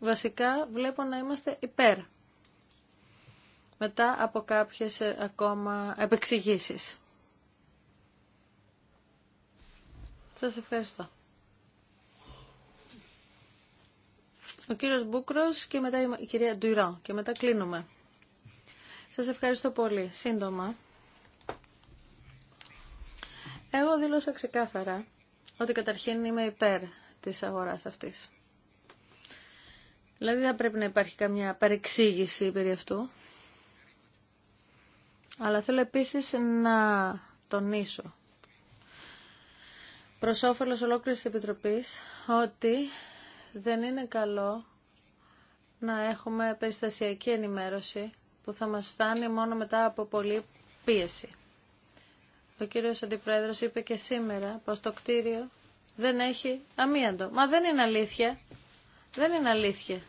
D: βασικά βλέπω να είμαστε υπέρ μετά από κάποιες ε, ακόμα επεξηγήσεις. Σας ευχαριστώ. Ο κύριος Μπούκρος και μετά η κυρία Ντουιρά και μετά κλείνουμε. Σας ευχαριστώ πολύ. Σύντομα. Εγώ δήλωσα ξεκάθαρα ότι καταρχήν είμαι υπέρ της αγοράς αυτής. Δηλαδή δεν πρέπει να υπάρχει καμιά παρεξήγηση περί αυτού. Αλλά θέλω επίσης να τονίσω προ όφελο ολόκληρη Επιτροπής ότι δεν είναι καλό να έχουμε περιστασιακή ενημέρωση που θα μας στάνει μόνο μετά από πολλή πίεση. Ο κύριος Αντιπρόεδρος είπε και σήμερα πως το κτίριο δεν έχει αμίαντο. Μα δεν είναι αλήθεια. Δεν είναι αλήθεια.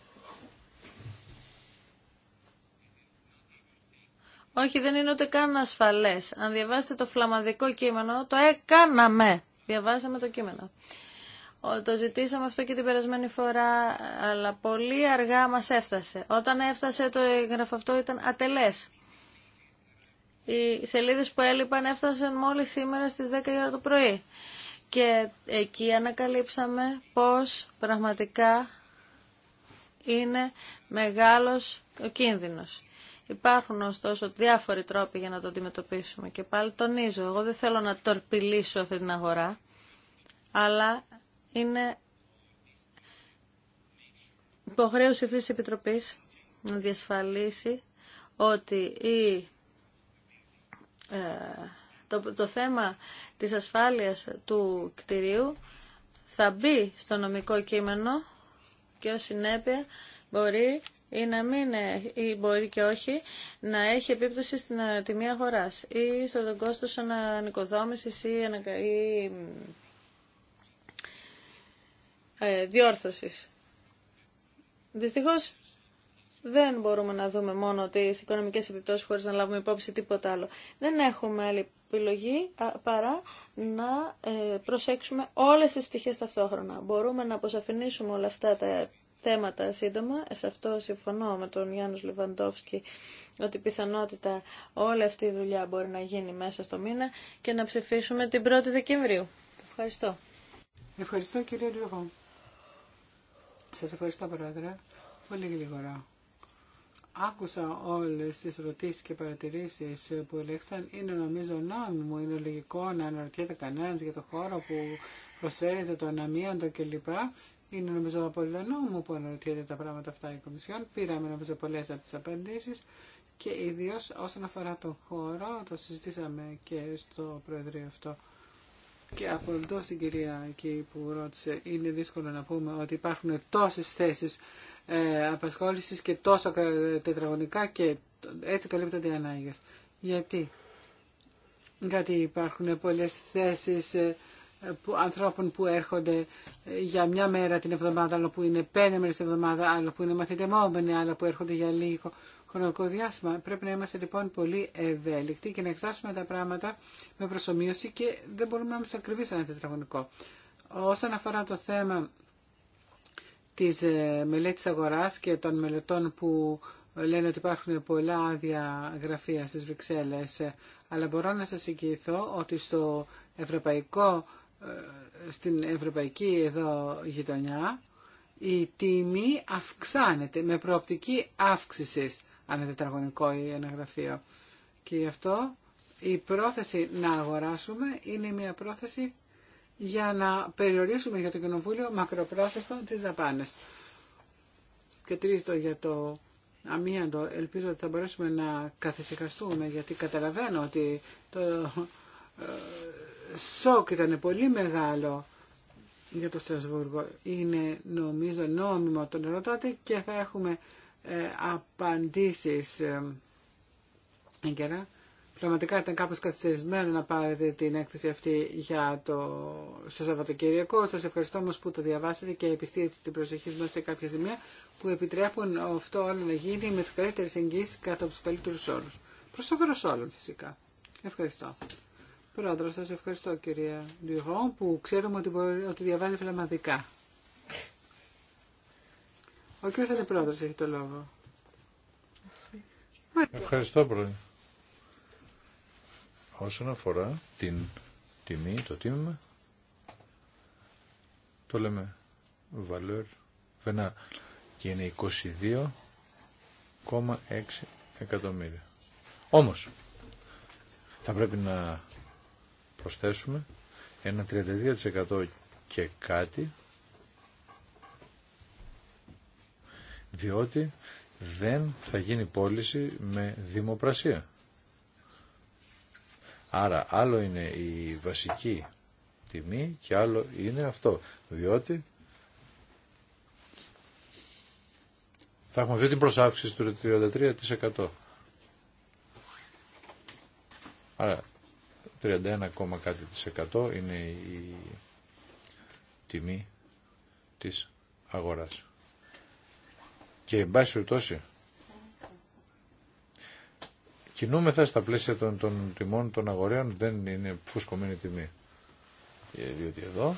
D: Όχι, δεν είναι ούτε καν ασφαλές. Αν διαβάσετε το φλαμαδικό κείμενο, το έκαναμε. Διαβάσαμε το κείμενο. Το ζητήσαμε αυτό και την περασμένη φορά, αλλά πολύ αργά μας έφτασε. Όταν έφτασε το έγγραφο αυτό ήταν ατελές. Οι σελίδες που έλειπαν έφτασαν μόλις σήμερα στις 10 η ώρα το πρωί. Και εκεί ανακαλύψαμε πώς πραγματικά είναι μεγάλος ο κίνδυνος. Υπάρχουν ωστόσο διάφοροι τρόποι για να το αντιμετωπίσουμε και πάλι τονίζω, εγώ δεν θέλω να τορπιλήσω αυτή την αγορά, αλλά είναι υποχρέωση αυτής της Επιτροπής να διασφαλίσει ότι η, ε, το, το θέμα της ασφάλειας του κτηρίου θα μπει στο νομικό κείμενο και ως συνέπεια μπορεί ή να μην ε, ή μπορεί και όχι να έχει επίπτωση στην ε, τιμή αγοράς ή στον κόστος ανανοικοδόμησης ή, ανα... ή ε, διόρθωσης. Δυστυχώς δεν μπορούμε να δούμε μόνο τις οικονομικές επιπτώσεις χωρίς να λάβουμε υπόψη τίποτα άλλο. Δεν έχουμε άλλη επιλογή παρά να προσέξουμε όλες τις πτυχές ταυτόχρονα. Μπορούμε να αποσαφηνίσουμε όλα αυτά τα θέματα σύντομα. Σε αυτό συμφωνώ με τον Γιάννου Λεβαντόφσκι ότι πιθανότητα όλη αυτή η δουλειά μπορεί να γίνει μέσα στο μήνα και να ψηφίσουμε την 1η Δεκεμβρίου. Ευχαριστώ.
C: Ευχαριστώ κύριε Λιωγό. Σας ευχαριστώ
D: πρόεδρε. Πολύ γρήγορα.
C: Άκουσα όλες τις ερωτήσεις και παρατηρήσεις που έλεγχαν. Είναι νομίζω νόμιμο, είναι λογικό να αναρωτιέται κανένας για το χώρο που προσφέρεται το αναμίαντο κλπ. Είναι νομίζω πολύ νόμο που αναρωτιέται τα πράγματα αυτά η Κομισιόν. Πήραμε νομίζω πολλέ από τι απαντήσει και ιδίω όσον αφορά τον χώρο, το συζητήσαμε και στο Προεδρείο αυτό.
D: Και απολύτω
C: την κυρία εκεί που ρώτησε, είναι δύσκολο να πούμε ότι υπάρχουν τόσε θέσει ε, απασχόληση και τόσα τετραγωνικά και έτσι καλύπτονται οι ανάγκε. Γιατί? Γιατί υπάρχουν πολλέ θέσει. Ε, που, ανθρώπων που έρχονται ε, για μια μέρα την εβδομάδα, άλλο που είναι πέντε μέρε την εβδομάδα, άλλο που είναι μαθητεμόμενοι άλλο που έρχονται για λίγο χρονικό διάστημα. Πρέπει να είμαστε λοιπόν πολύ ευέλικτοι και να εξάσουμε τα πράγματα με προσωμείωση και δεν μπορούμε να είμαστε ακριβεί σε ένα τετραγωνικό. Όσον αφορά το θέμα τη ε, μελέτη αγορά και των μελετών που λένε ότι υπάρχουν πολλά άδεια γραφεία στις Βρυξέλλες, ε, αλλά μπορώ να σα εγγυηθώ ότι στο Ευρωπαϊκό ε, στην ευρωπαϊκή εδώ γειτονιά η τιμή αυξάνεται με προοπτική αύξησης ανά τετραγωνικό ή ένα γραφείο. Και γι' αυτό η πρόθεση να αγοράσουμε είναι μια πρόθεση για να περιορίσουμε για το Κοινοβούλιο μακροπρόθεσμα τις δαπάνε. Και τρίτο για το αμίαντο, ελπίζω ότι θα μπορέσουμε να καθησυχαστούμε, γιατί καταλαβαίνω ότι το, ε, σοκ ήταν πολύ μεγάλο για το Στρασβούργο. Είναι νομίζω νόμιμο τον ρωτάτε και θα έχουμε ε, απαντήσεις ε, έγκαιρα. Πραγματικά ήταν κάπως καθυστερισμένο να πάρετε την έκθεση αυτή για το... στο Σαββατοκύριακο. Σας ευχαριστώ όμως που το διαβάσατε και επιστήρετε την προσοχή μας σε κάποια σημεία που επιτρέπουν αυτό όλο να γίνει με τις καλύτερες εγγύσεις κατά από τους καλύτερους όρους. όλων φυσικά. Ευχαριστώ. Πρόεδρο, σας ευχαριστώ κυρία Λιγό που ξέρουμε ότι, μπορεί, ότι διαβάζει φλαμαδικά. Ο κ. πρόεδρος έχει το λόγο.
A: Ευχαριστώ πρόεδρε. Όσον αφορά την τιμή, το τίμημα, το λέμε Βαλέρ Βένα. και είναι 22,6 εκατομμύρια. Όμως, θα πρέπει να προσθέσουμε ένα 32% και κάτι διότι δεν θα γίνει πώληση με δημοπρασία. Άρα άλλο είναι η βασική τιμή και άλλο είναι αυτό. Διότι θα έχουμε αυτή την προσάυξη του 33%. Άρα 31, κάτι της εκατό είναι η τιμή της αγοράς. Και εν πάση περιπτώσει, κινούμεθα στα πλαίσια των, των τιμών των αγορέων, δεν είναι φουσκωμένη τιμή. Ε, διότι εδώ,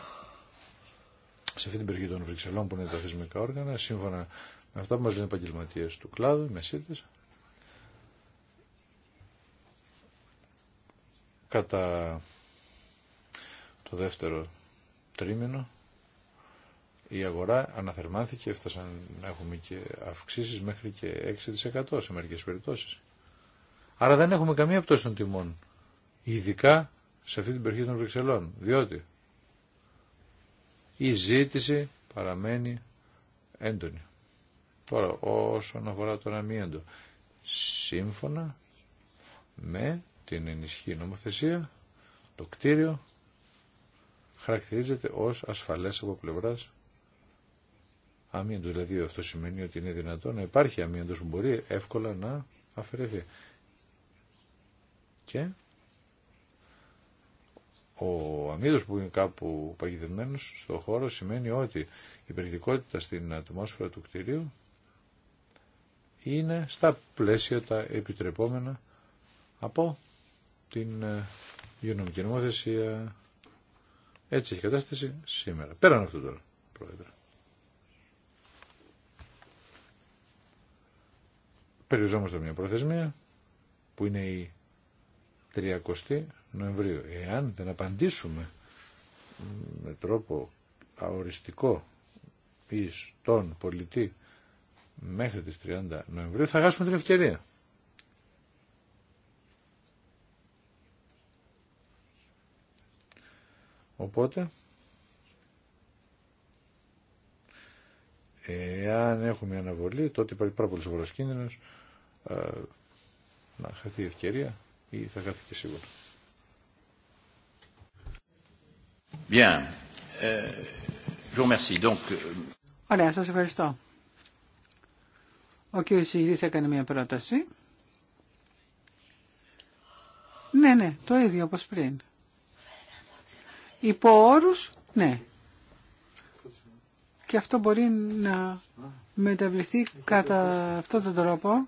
A: σε αυτή την περιοχή των Βρυξελών που είναι τα θεσμικά όργανα, σύμφωνα με αυτά που μας λένε επαγγελματίε του κλάδου, μεσίτες, Κατά το δεύτερο τρίμηνο η αγορά αναθερμάνθηκε έφτασαν να έχουμε και αυξήσεις μέχρι και 6% σε μερικές περιπτώσεις. Άρα δεν έχουμε καμία πτώση των τιμών, ειδικά σε αυτή την περιοχή των Βρυξελών, διότι η ζήτηση παραμένει έντονη. Τώρα, όσον αφορά τον αμύαντο, σύμφωνα με την ενισχύει νομοθεσία, το κτίριο χαρακτηρίζεται ως ασφαλές από πλευράς αμύντος. Δηλαδή αυτό σημαίνει ότι είναι δυνατό να υπάρχει αμύντος που μπορεί εύκολα να αφαιρεθεί. Και ο αμύδος που είναι κάπου παγιδευμένος στο χώρο σημαίνει ότι η περιεκτικότητα στην ατμόσφαιρα του κτίριου είναι στα πλαίσια τα επιτρεπόμενα από την ε, υγειονομική νομοθεσία. Έτσι έχει κατάσταση σήμερα. Πέραν αυτό τώρα, Πρόεδρε. Περιοριζόμαστε μια προθεσμία που είναι η 30 Νοεμβρίου. Εάν δεν απαντήσουμε με τρόπο αοριστικό ή στον πολιτή μέχρι τις 30 Νοεμβρίου θα χάσουμε την ευκαιρία. Οπότε, εάν έχουμε αναβολή, τότε υπάρχει πάρα πολύ σοβαρός κίνδυνος ε, να χαθεί η ευκαιρία ή θα χαθεί και σίγουρα.
B: Ε, euh,
C: Ωραία, σας ευχαριστώ. Ο κ. Σιγηρής έκανε μια πρόταση. Ναι, ναι, το ίδιο όπως πριν. Υπό όρους, ναι. Και αυτό μπορεί να μεταβληθεί κατά αυτόν τον τρόπο.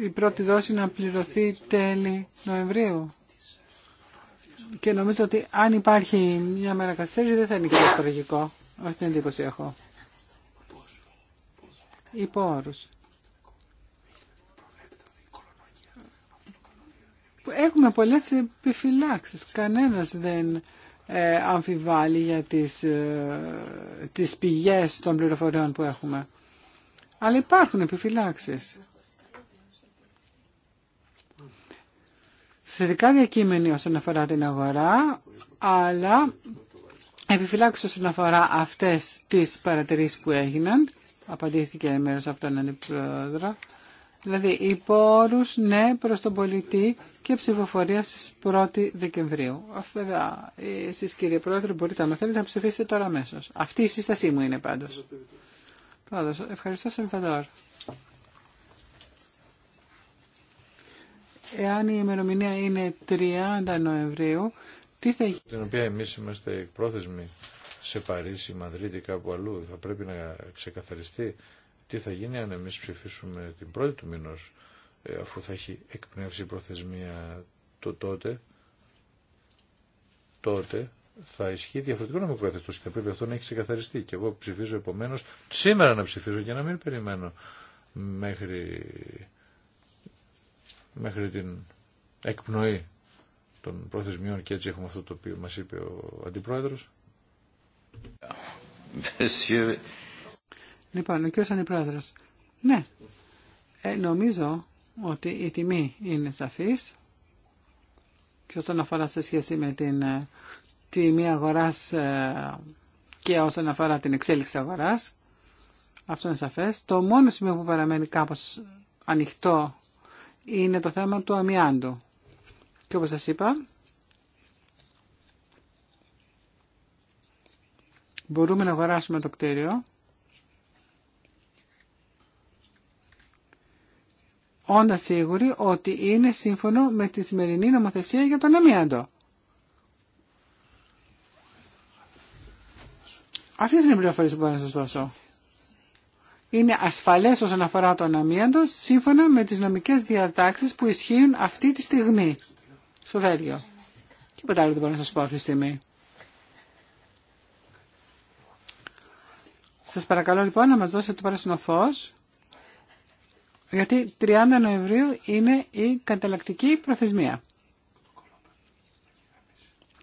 C: Η, πρώτη δόση να πληρωθεί τέλη Νοεμβρίου. Και νομίζω ότι αν υπάρχει μια μέρα καθυστέρηση δεν θα είναι και τραγικό. Αυτή την εντύπωση έχω. Υπό όρους. έχουμε πολλές επιφυλάξεις. Κανένας δεν ε, αμφιβάλλει για τις, ε, τις πηγές των πληροφοριών που έχουμε. Αλλά υπάρχουν επιφυλάξεις. Θετικά διακείμενοι όσον αφορά την αγορά, αλλά επιφυλάξεις όσον αφορά αυτές τις παρατηρήσεις που έγιναν, απαντήθηκε μέρος από τον αντιπρόεδρο, δηλαδή οι πόρους ναι προς τον πολιτή και ψηφοφορία στι 1η Δεκεμβρίου. Βέβαια, εσείς κύριε Πρόεδρε μπορείτε να θέλετε να ψηφίσετε τώρα αμέσω. Αυτή η σύστασή εσει κυριε είναι πάντως. Πρόεδρος, ευχαριστώ Σεμφαντόρ. Εάν η συσταση μου ειναι παντω ευχαριστω είναι 30 Νοεμβρίου, τι θα γίνει.
A: Την οποία εμεί είμαστε εκπρόθεσμοι σε Παρίσι, Μαδρίτη, κάπου αλλού. Θα πρέπει να ξεκαθαριστεί τι θα γίνει αν εμεί ψηφίσουμε την πρώτη του μηνό. Ε, αφού θα έχει εκπνεύσει η προθεσμία το τότε, τότε θα ισχύει διαφορετικό νομικό και θα πρέπει αυτό να έχει ξεκαθαριστεί. Και εγώ ψηφίζω επομένω σήμερα να ψηφίζω για να μην περιμένω μέχρι, μέχρι την εκπνοή των προθεσμιών και έτσι έχουμε αυτό το οποίο μας είπε ο Αντιπρόεδρος.
C: Λοιπόν, ο κ. Αντιπρόεδρος, ναι, ε, νομίζω ότι η τιμή είναι σαφής και όσον αφορά σε σχέση με την ε, τιμή αγοράς ε, και όσον αφορά την εξέλιξη αγοράς, αυτό είναι σαφές. Το μόνο σημείο που παραμένει κάπως ανοιχτό είναι το θέμα του αμοιάντου. Και όπως σας είπα, μπορούμε να αγοράσουμε το κτίριο όντα σίγουροι ότι είναι σύμφωνο με τη σημερινή νομοθεσία για τον αμίαντο. Αυτέ είναι οι πληροφορίε που μπορώ να σα δώσω. Είναι ασφαλές όσον αφορά τον αμίαντο σύμφωνα με τις νομικές διατάξεις που ισχύουν αυτή τη στιγμή στο Βέλγιο. Τίποτα άλλο δεν μπορώ να σας πω αυτή τη στιγμή. Σας παρακαλώ λοιπόν να μας δώσετε το πράσινο γιατί 30 Νοεμβρίου είναι η καταλλακτική προθεσμία.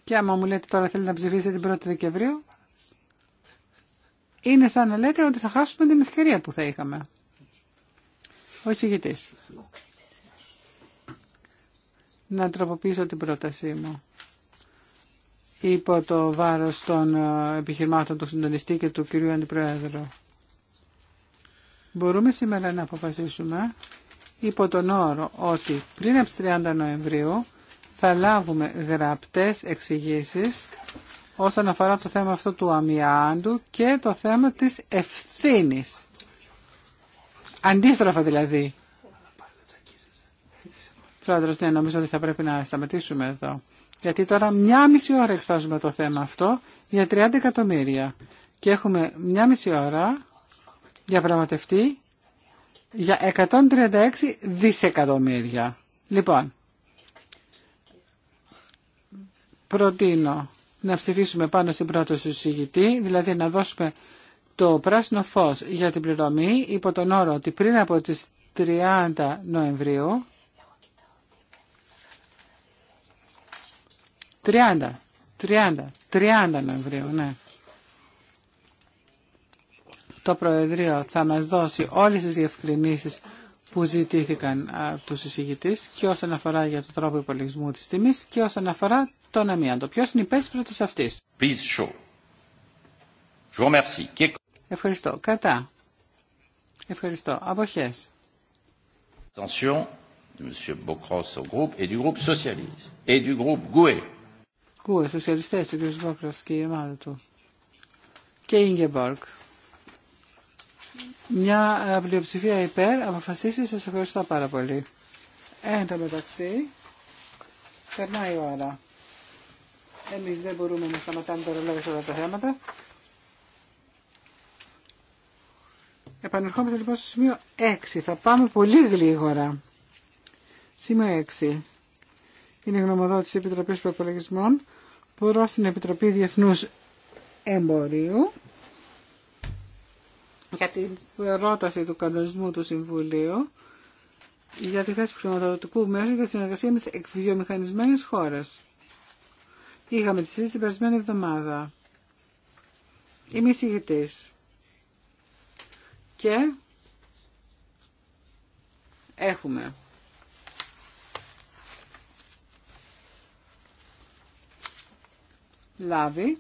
C: Και άμα μου λέτε τώρα θέλει να ψηφίσετε την 1η Δεκεμβρίου, είναι σαν να λέτε ότι θα χάσουμε την ευκαιρία που θα είχαμε. Ο εισηγητή. Να τροποποιήσω την πρότασή μου. Υπό το βάρος των ε, επιχειρημάτων του συντονιστή και του κυρίου Αντιπρόεδρου μπορούμε σήμερα να αποφασίσουμε υπό τον όρο ότι πριν από 30 Νοεμβρίου θα λάβουμε γραπτές εξηγήσει όσον αφορά το θέμα αυτό του αμοιάντου και το θέμα της ευθύνης. Αντίστροφα δηλαδή. Πρόεδρος, ναι, νομίζω ότι θα πρέπει να σταματήσουμε εδώ. Γιατί τώρα μια μισή ώρα εξετάζουμε το θέμα αυτό για 30 εκατομμύρια. Και έχουμε μια μισή ώρα διαπραγματευτεί για 136 δισεκατομμύρια. Λοιπόν, προτείνω να ψηφίσουμε πάνω στην πρόταση του δηλαδή να δώσουμε το πράσινο φως για την πληρωμή υπό τον όρο ότι πριν από τις 30 Νοεμβρίου 30, 30, 30 Νοεμβρίου, ναι το Προεδρείο θα μας δώσει όλες τις διευκρινήσεις που ζητήθηκαν από τους εισηγητής και όσον αφορά για τον τρόπο υπολογισμού της τιμής και όσον αφορά τον αμίαντο. Ποιο είναι υπέσπρο της αυτής. Ευχαριστώ. Κατά. Ευχαριστώ. Αποχές.
B: Attention de M. Bocros au groupe et du groupe socialiste et
C: du μια ε, πλειοψηφία υπέρ αποφασίσει. Σας ευχαριστώ πάρα πολύ. Εν τω μεταξύ, περνάει η ώρα. Εμείς δεν μπορούμε να σταματάμε τώρα λόγω σε όλα τα θέματα. Επανερχόμαστε λοιπόν στο σημείο 6. Θα πάμε πολύ γλίγορα. Σημείο 6. Είναι γνωμοδότηση γνωμοδότηση Επιτροπής Προπολογισμών προς την Επιτροπή Διεθνούς Εμπορίου για την πρόταση του κανονισμού του Συμβουλίου για τη θέση χρηματοδοτικού μέσου για συνεργασία με τι εκβιομηχανισμένε χώρε. Είχαμε τη συζήτηση την περασμένη εβδομάδα. Είμαι εισηγητή. Και έχουμε. Λάβει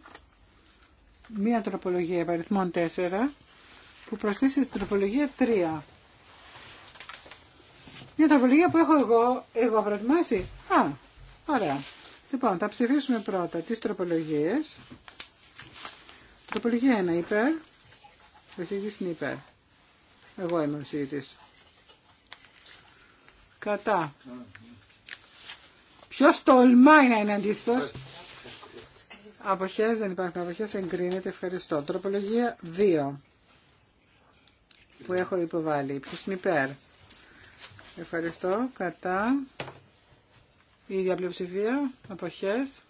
C: μία τροπολογία επαρίθμων 4 που προσθέσει στην τροπολογία 3. Μια τροπολογία που έχω εγώ, εγώ προετοιμάσει. Α, ωραία. Λοιπόν, θα ψηφίσουμε πρώτα τις τροπολογίες. Τροπολογία 1 υπέρ. Ο εισηγητής είναι υπέρ. Εγώ είμαι ο εισηγητής. Κατά. Ποιος τολμάει να είναι αντίθετος. Αποχές, δεν υπάρχουν αποχές, εγκρίνεται, ευχαριστώ. Τροπολογία 2 που έχω υποβάλει. Ποιο είναι υπέρ. Ευχαριστώ. Κατά. Η ίδια πλειοψηφία. Αποχές.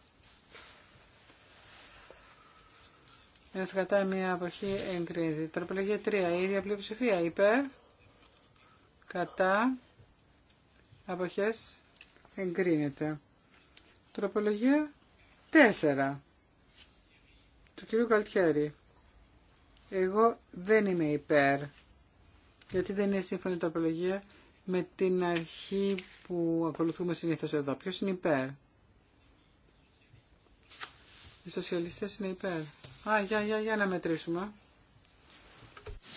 C: Ένα κατά μία αποχή εγκρίνεται. Τροπολογία 3. ίδια πλειοψηφία. Υπέρ. Κατά. Αποχές εγκρίνεται. Τροπολογία 4. Του κ. Καλτιέρη. Εγώ δεν είμαι υπέρ γιατί δεν είναι σύμφωνη η τροπολογία με την αρχή που ακολουθούμε συνήθως εδώ. Ποιος είναι υπέρ. Οι σοσιαλιστές είναι υπέρ. Α, για, για, για να μετρήσουμε.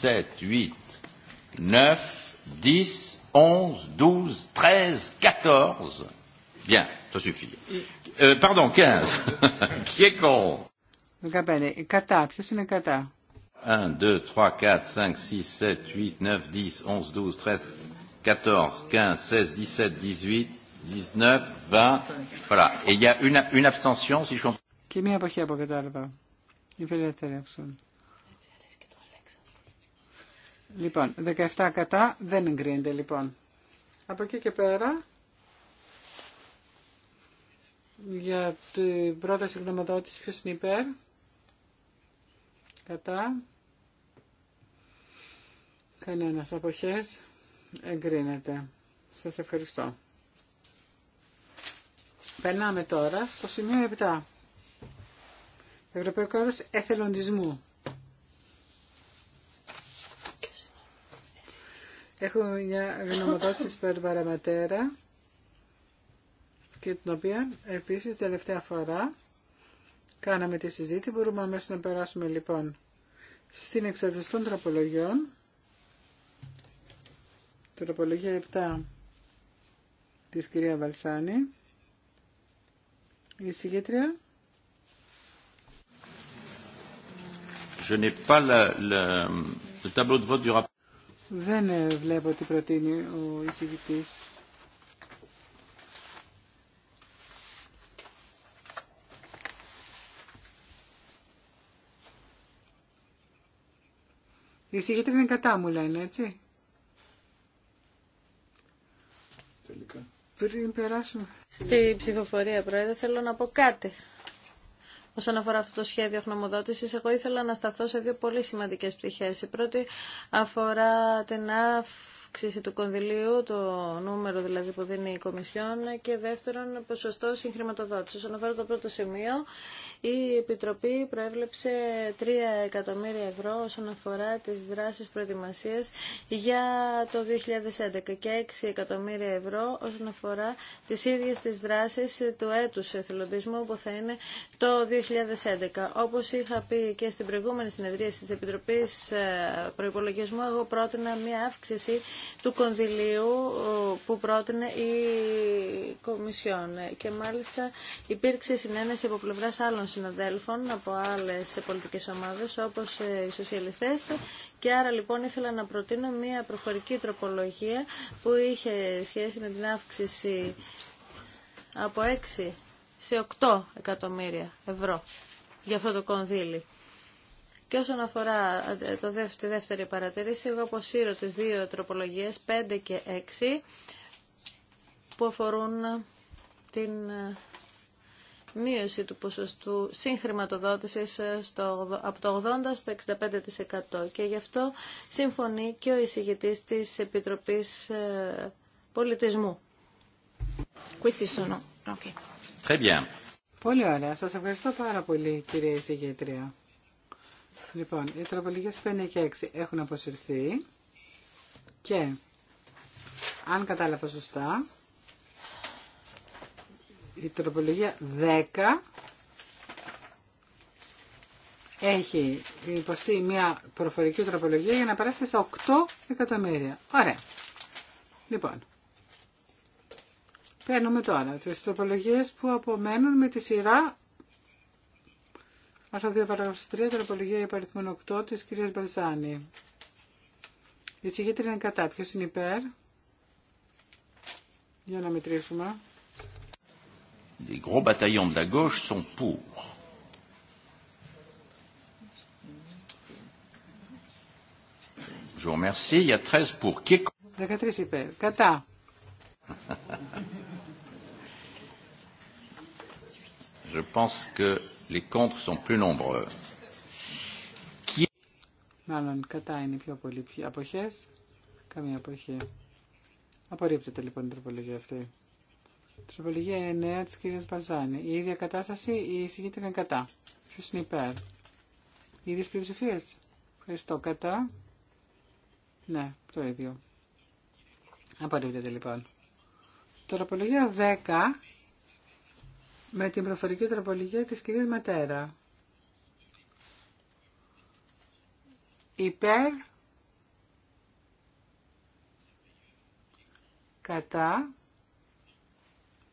B: 7, 8, 9, 10, 11, 12, 13, 14. Bien, ça suffit. Euh, pardon, 15. Qui est con
C: 15. Κατά. Ποιος είναι κατά.
B: 1, 2, 3, 4, 5, 6, 7, 8, 9, 10, 11, 12, 13, 14, 15, 16, 17, 18, 19, 20. Voilà. Et il y a une, une abstention, si je comprends.
C: Και μία εποχή από κατάλαβα. Οι φιλελεύθεροι Λοιπόν, 17 κατά δεν εγκρίνεται λοιπόν. Από εκεί και πέρα, για την πρόταση γνωματότηση ποιος είναι υπέρ, κατά, Κανένας αποχές εγκρίνεται. Σας ευχαριστώ. Περνάμε τώρα στο σημείο 7. Ευρωπαϊκό Όρος Εθελοντισμού. Έχουμε μια γνωμοδότηση της Περμπαραματέρα και την οποία επίσης τελευταία φορά κάναμε τη συζήτηση. Μπορούμε αμέσως να περάσουμε λοιπόν στην εξαρτησία των τροπολογιών. Τροπολογία 7 της κυρία Βαλσάνη. Η συγκέντρια. Δεν ε, βλέπω τι προτείνει ο εισηγητής. Η συγκέντρια είναι κατά μου λένε, έτσι.
D: Πριν Στη ψηφοφορία, Πρόεδρε, θέλω να πω κάτι. Όσον αφορά αυτό το σχέδιο χνομοδότηση, εγώ ήθελα να σταθώ σε δύο πολύ σημαντικέ πτυχέ. Η πρώτη αφορά την αύξηση του κονδυλίου, το νούμερο δηλαδή που δίνει η Κομισιόν και δεύτερον ποσοστό συγχρηματοδότηση. Όσον αφορά το πρώτο σημείο, η Επιτροπή προέβλεψε 3 εκατομμύρια ευρώ όσον αφορά τις δράσεις προετοιμασίας για το 2011 και 6 εκατομμύρια ευρώ όσον αφορά τις ίδιες τις δράσεις του έτους εθελοντισμού που θα είναι το 2011. Όπως είχα πει και στην προηγούμενη συνεδρίαση της Επιτροπής ε, προπολογισμού εγώ πρότεινα μια αύξηση του κονδυλίου που πρότεινε η Κομισιόν. Και μάλιστα υπήρξε συνένεση από πλευρά άλλων συναδέλφων από άλλε πολιτικέ ομάδες όπως ε, οι σοσιαλιστές και άρα λοιπόν ήθελα να προτείνω μια προφορική τροπολογία που είχε σχέση με την αύξηση από 6 σε 8 εκατομμύρια ευρώ για αυτό το κονδύλι. Και όσον αφορά ε, το τη δεύτερη παρατήρηση, εγώ αποσύρω τις δύο τροπολογίες, 5 και 6, που αφορούν ε, την ε, μείωση του ποσοστού συγχρηματοδότησης στο, από το 80% στο 65% και γι' αυτό συμφωνεί και ο εισηγητής της Επιτροπής Πολιτισμού. Okay.
C: Πολύ ωραία. Σας ευχαριστώ πάρα πολύ κυρία εισηγητρία. Λοιπόν, οι τροπολογίες 5 και 6 έχουν αποσυρθεί και αν κατάλαβα σωστά η τροπολογία 10 έχει υποστεί μια προφορική τροπολογία για να περάσει σε 8 εκατομμύρια. Ωραία. Λοιπόν, παίρνουμε τώρα τις τροπολογίες που απομένουν με τη σειρά Άρθρο 2 παράγραφος 3 τροπολογία υπαριθμών 8 της κυρίας Μπαλζάνη. Η συγχύτρια είναι κατά. Ποιος είναι υπέρ. Για να μετρήσουμε.
B: Les gros bataillons de la gauche sont Je remercie.
C: 13 υπέρ. Κατά.
B: Je pense que Les contre sont plus nombreux.
C: Μάλλον κατά είναι πιο πολύ. Αποχές. Καμία αποχή. Απορρίπτεται λοιπόν η τροπολογία αυτή. Τροπολογία 9 της κυρίας Μπαζάνη. Η ίδια κατάσταση η εισηγείται είναι κατά. Ποιος είναι υπέρ. Οι ίδιες πλειοψηφίες. Ευχαριστώ. Κατά. Ναι, το ίδιο. Απορρίπτεται λοιπόν. Τροπολογία 10 με την προφορική τροπολογία της κυρίας Ματέρα. Υπέρ, κατά,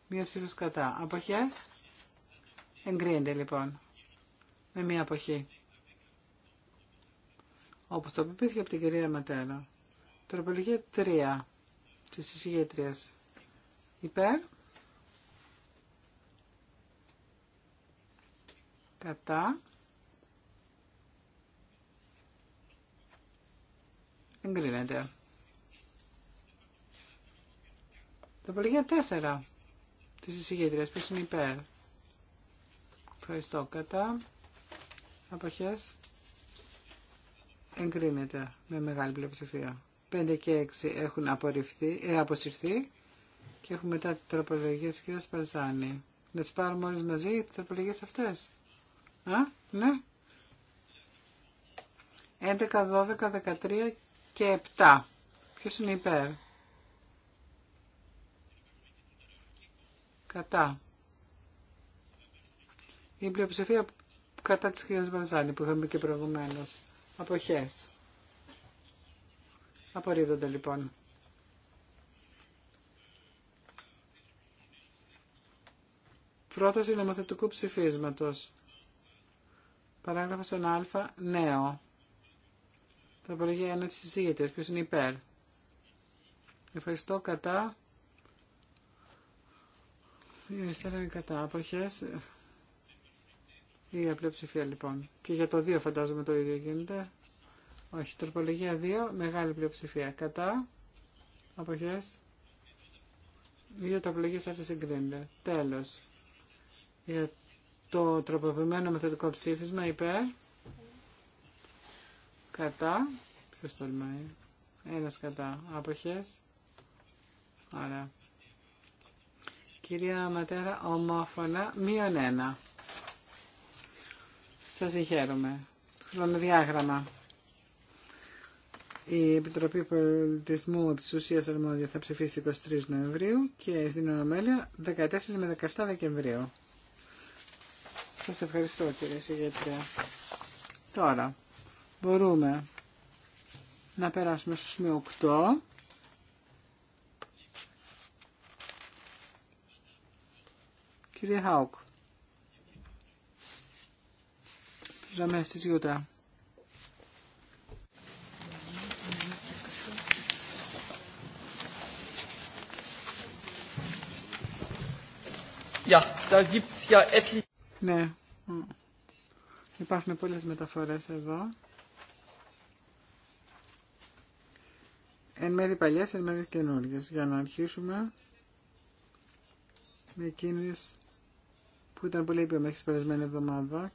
C: μία ψήφος κατά. Αποχές, εγκρίνεται λοιπόν, με μία αποχή. Όπως το επιπήθηκε από την κυρία Ματέρα. Τροπολογία 3 της εισηγήτριας. Υπέρ. Κατά. Εγκρίνεται. Τροπολογία 4 της εισηγήτριας. που είναι υπέρ. Ευχαριστώ. Κατά. Αποχές. Εγκρίνεται με μεγάλη πλειοψηφία. 5 και 6 έχουν απορριφθεί, ε, αποσυρθεί και έχουμε μετά τροπολογίες κυρίας Παρζάνη. Να τις πάρουμε όλες μαζί τις τροπολογίες αυτές. Α, ναι. 11, 12, 13 και 7. Ποιος είναι υπέρ. Κατά. Η πλειοψηφία κατά της κυρίας Βαρζάνη που είχαμε και προηγουμένως. Αποχές. Απορρίδονται λοιπόν. Πρόταση νομοθετικού ψηφίσματος. Παράγραφό στον 1α, νέο. Τροπολογία 1 της εισήγητες. Ποιος είναι υπέρ. Ευχαριστώ κατά. Η αριστερά είναι κατά. αποχε Η απλή λοιπόν. Και για το 2 φαντάζομαι το ίδιο γίνεται. Όχι, τροπολογία 2, μεγάλη πλειοψηφία. Κατά, αποχέ. οι δύο τροπολογίες αυτές συγκρίνονται. Τέλος. Για το τροποποιημένο μεθοδικό ψήφισμα υπέρ. Κατά. Ποιος τολμάει. Ένας κατά. Άποχες. Άρα. Κυρία Ματέρα, ομόφωνα, μείον ένα. Σας συγχαίρομαι. Χρονοδιάγραμμα. Η Επιτροπή Πολιτισμού της Ουσίας Αρμόδια θα ψηφίσει 23 Νοεμβρίου και στην Ομέλεια 14 με 17 Δεκεμβρίου. Σας ευχαριστώ κύριε Συγγετρία. Τώρα μπορούμε να περάσουμε στο σημείο 8. Κύριε Χάουκ. Πήγαμε στη Ιούτα. Ja, da gibt's ja etliche. Nee. Ναι. Υπάρχουν πολλές μεταφορές εδώ. Εν μέρη παλιές, εν μέρη καινούργιες. Για να αρχίσουμε με εκείνες που ήταν πολύ ήπιο μέχρι περασμένη εβδομάδα.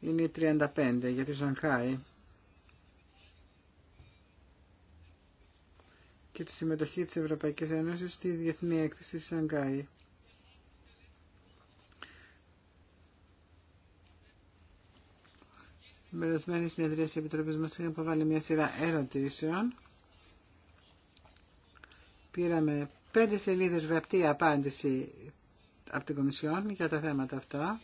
C: Είναι η 35 για τη Ζανχάη. και τη συμμετοχή της Ευρωπαϊκής Ένωσης στη Διεθνή Έκθεση Σανγκάη. μερασμένη συνεδρία της Επιτροπής μας είχαν υποβάλει μια σειρά ερωτήσεων. Πήραμε πέντε σελίδες γραπτή απάντηση από την Κομισιόν για τα θέματα αυτά.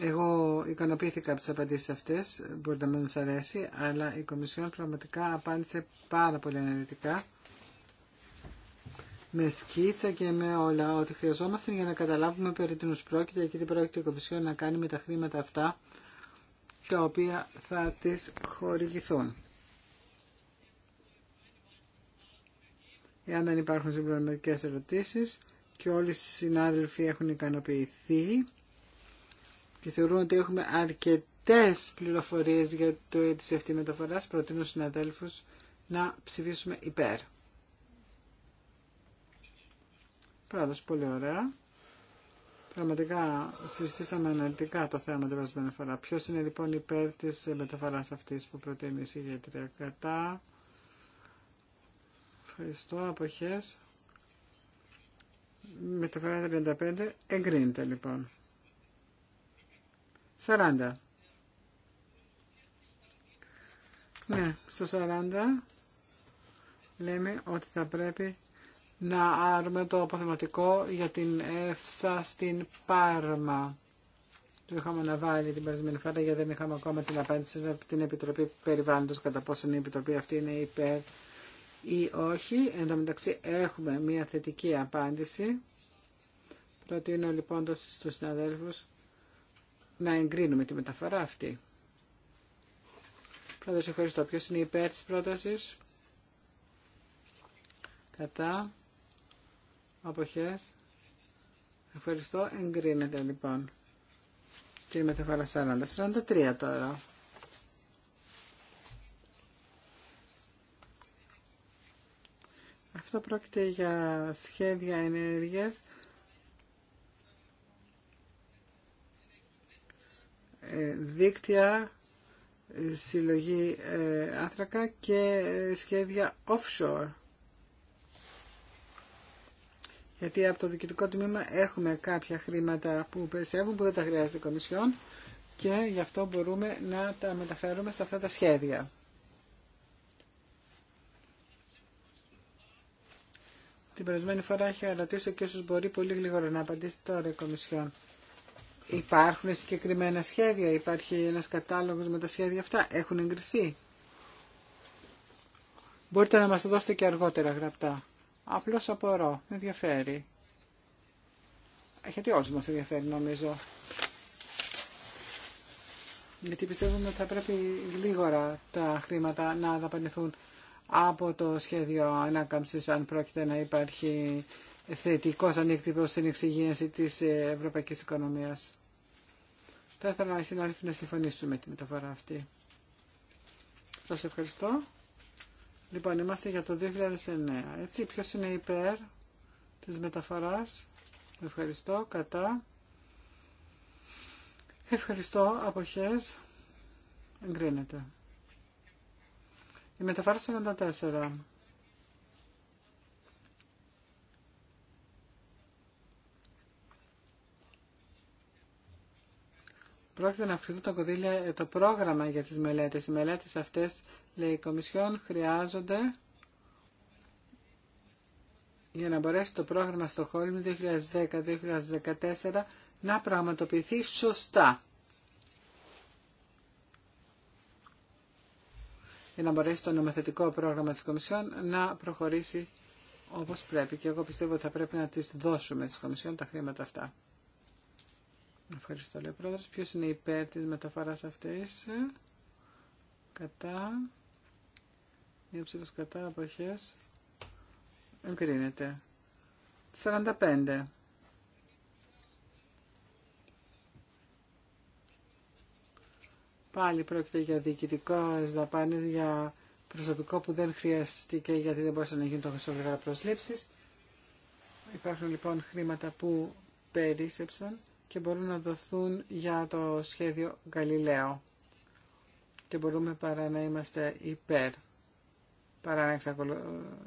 C: Εγώ ικανοποιήθηκα από τις απαντήσεις αυτές, μπορεί να μην σας αρέσει, αλλά η Κομισιόν πραγματικά απάντησε πάρα πολύ αναλυτικά με σκίτσα και με όλα ότι χρειαζόμαστε για να καταλάβουμε περί τίνους πρόκειται και τι πρόκειται η Κομισιόν να κάνει με τα χρήματα αυτά τα οποία θα τις χορηγηθούν. Εάν δεν υπάρχουν συμπληρωματικές ερωτήσεις και όλοι οι συνάδελφοι έχουν ικανοποιηθεί και θεωρούν ότι έχουμε αρκετές πληροφορίες για το έτσι αυτή μεταφοράς, προτείνω στους συναδέλφους να ψηφίσουμε υπέρ. Πράγματι, πολύ ωραία. Πραγματικά συζητήσαμε αναλυτικά το θέμα την προηγούμενη φορά. Ποιο είναι λοιπόν υπέρ τη μεταφορά αυτή που προτείνει η συγγετρία. Κατά. Ευχαριστώ. Αποχέ. Μεταφορά 35. Εγκρίνεται λοιπόν. 40. Ναι, στο 40 λέμε ότι θα πρέπει να άρουμε το αποθεματικό για την ΕΦΣΑ στην Πάρμα. Το είχαμε να βάλει την περασμένη φορά γιατί δεν είχαμε ακόμα την απάντηση από την Επιτροπή Περιβάλλοντος κατά πόσο η Επιτροπή αυτή είναι υπέρ ή όχι. Εν τω μεταξύ έχουμε μια θετική απάντηση. Προτείνω λοιπόν στους συναδέλφους να εγκρίνουμε τη μεταφορά αυτή. Πρόεδρος ευχαριστώ. Ποιος είναι υπέρ της πρότασης. Κατά. Αποχές. Ευχαριστώ. Εγκρίνεται λοιπόν. Και η μεταφορά 40. 43 τώρα. Αυτό πρόκειται για σχέδια ενέργειας. Ε, δίκτυα συλλογή ε, άθρακα και ε, σχέδια offshore γιατί από το διοικητικό τμήμα έχουμε κάποια χρήματα που περισσεύουν που δεν τα χρειάζεται η Κομισιόν και γι' αυτό μπορούμε να τα μεταφέρουμε σε αυτά τα σχέδια. Την περασμένη φορά είχα ρωτήσει και ίσως μπορεί πολύ γλυγόρα να απαντήσει τώρα η Κομισιόν. Υπάρχουν συγκεκριμένα σχέδια, υπάρχει ένας κατάλογος με τα σχέδια αυτά, έχουν εγκριθεί. Μπορείτε να μας το δώσετε και αργότερα γραπτά. Απλώς απορώ. Με ενδιαφέρει. Γιατί όλους μας ενδιαφέρει νομίζω. Γιατί πιστεύουμε ότι θα πρέπει γλίγορα τα χρήματα να δαπανηθούν από το σχέδιο ανάκαμψη. αν πρόκειται να υπάρχει θετικός αντίκτυπος στην εξυγίανση της ευρωπαϊκής οικονομίας. Θα ήθελα οι συνάδελφοι να συμφωνήσουμε με τη μεταφορά αυτή. Σας ευχαριστώ. Λοιπόν, είμαστε για το 2009. Έτσι, ποιος είναι υπέρ της μεταφοράς. Ευχαριστώ. Κατά. Ευχαριστώ. Αποχές. Εγκρίνεται. Η μεταφορά 44. πρόκειται να αυξηθούν τα ε, το πρόγραμμα για τις μελέτες. Οι μελέτες αυτές, λέει η Κομισιόν, χρειάζονται για να μπορέσει το πρόγραμμα στο χωρο 2010 2010-2014 να πραγματοποιηθεί σωστά. για να μπορέσει το νομοθετικό πρόγραμμα της Κομισιόν να προχωρήσει όπως πρέπει. Και εγώ πιστεύω ότι θα πρέπει να τις δώσουμε στις Κομισιόν τα χρήματα αυτά. Ευχαριστώ, λέει ο πρόεδρος. Ποιος είναι υπέρ της μεταφοράς αυτής. Κατά. Μία ψήφος κατά, αποχές. Εγκρίνεται. 45. Πάλι πρόκειται για διοικητικό δαπάνε για προσωπικό που δεν χρειαστήκε γιατί δεν μπορούσε να γίνει το χρυσόγραφα προσλήψης. Υπάρχουν λοιπόν χρήματα που πέρισεψαν και μπορούν να δοθούν για το σχέδιο Γαλιλαίο. Και μπορούμε παρά να είμαστε υπέρ, παρά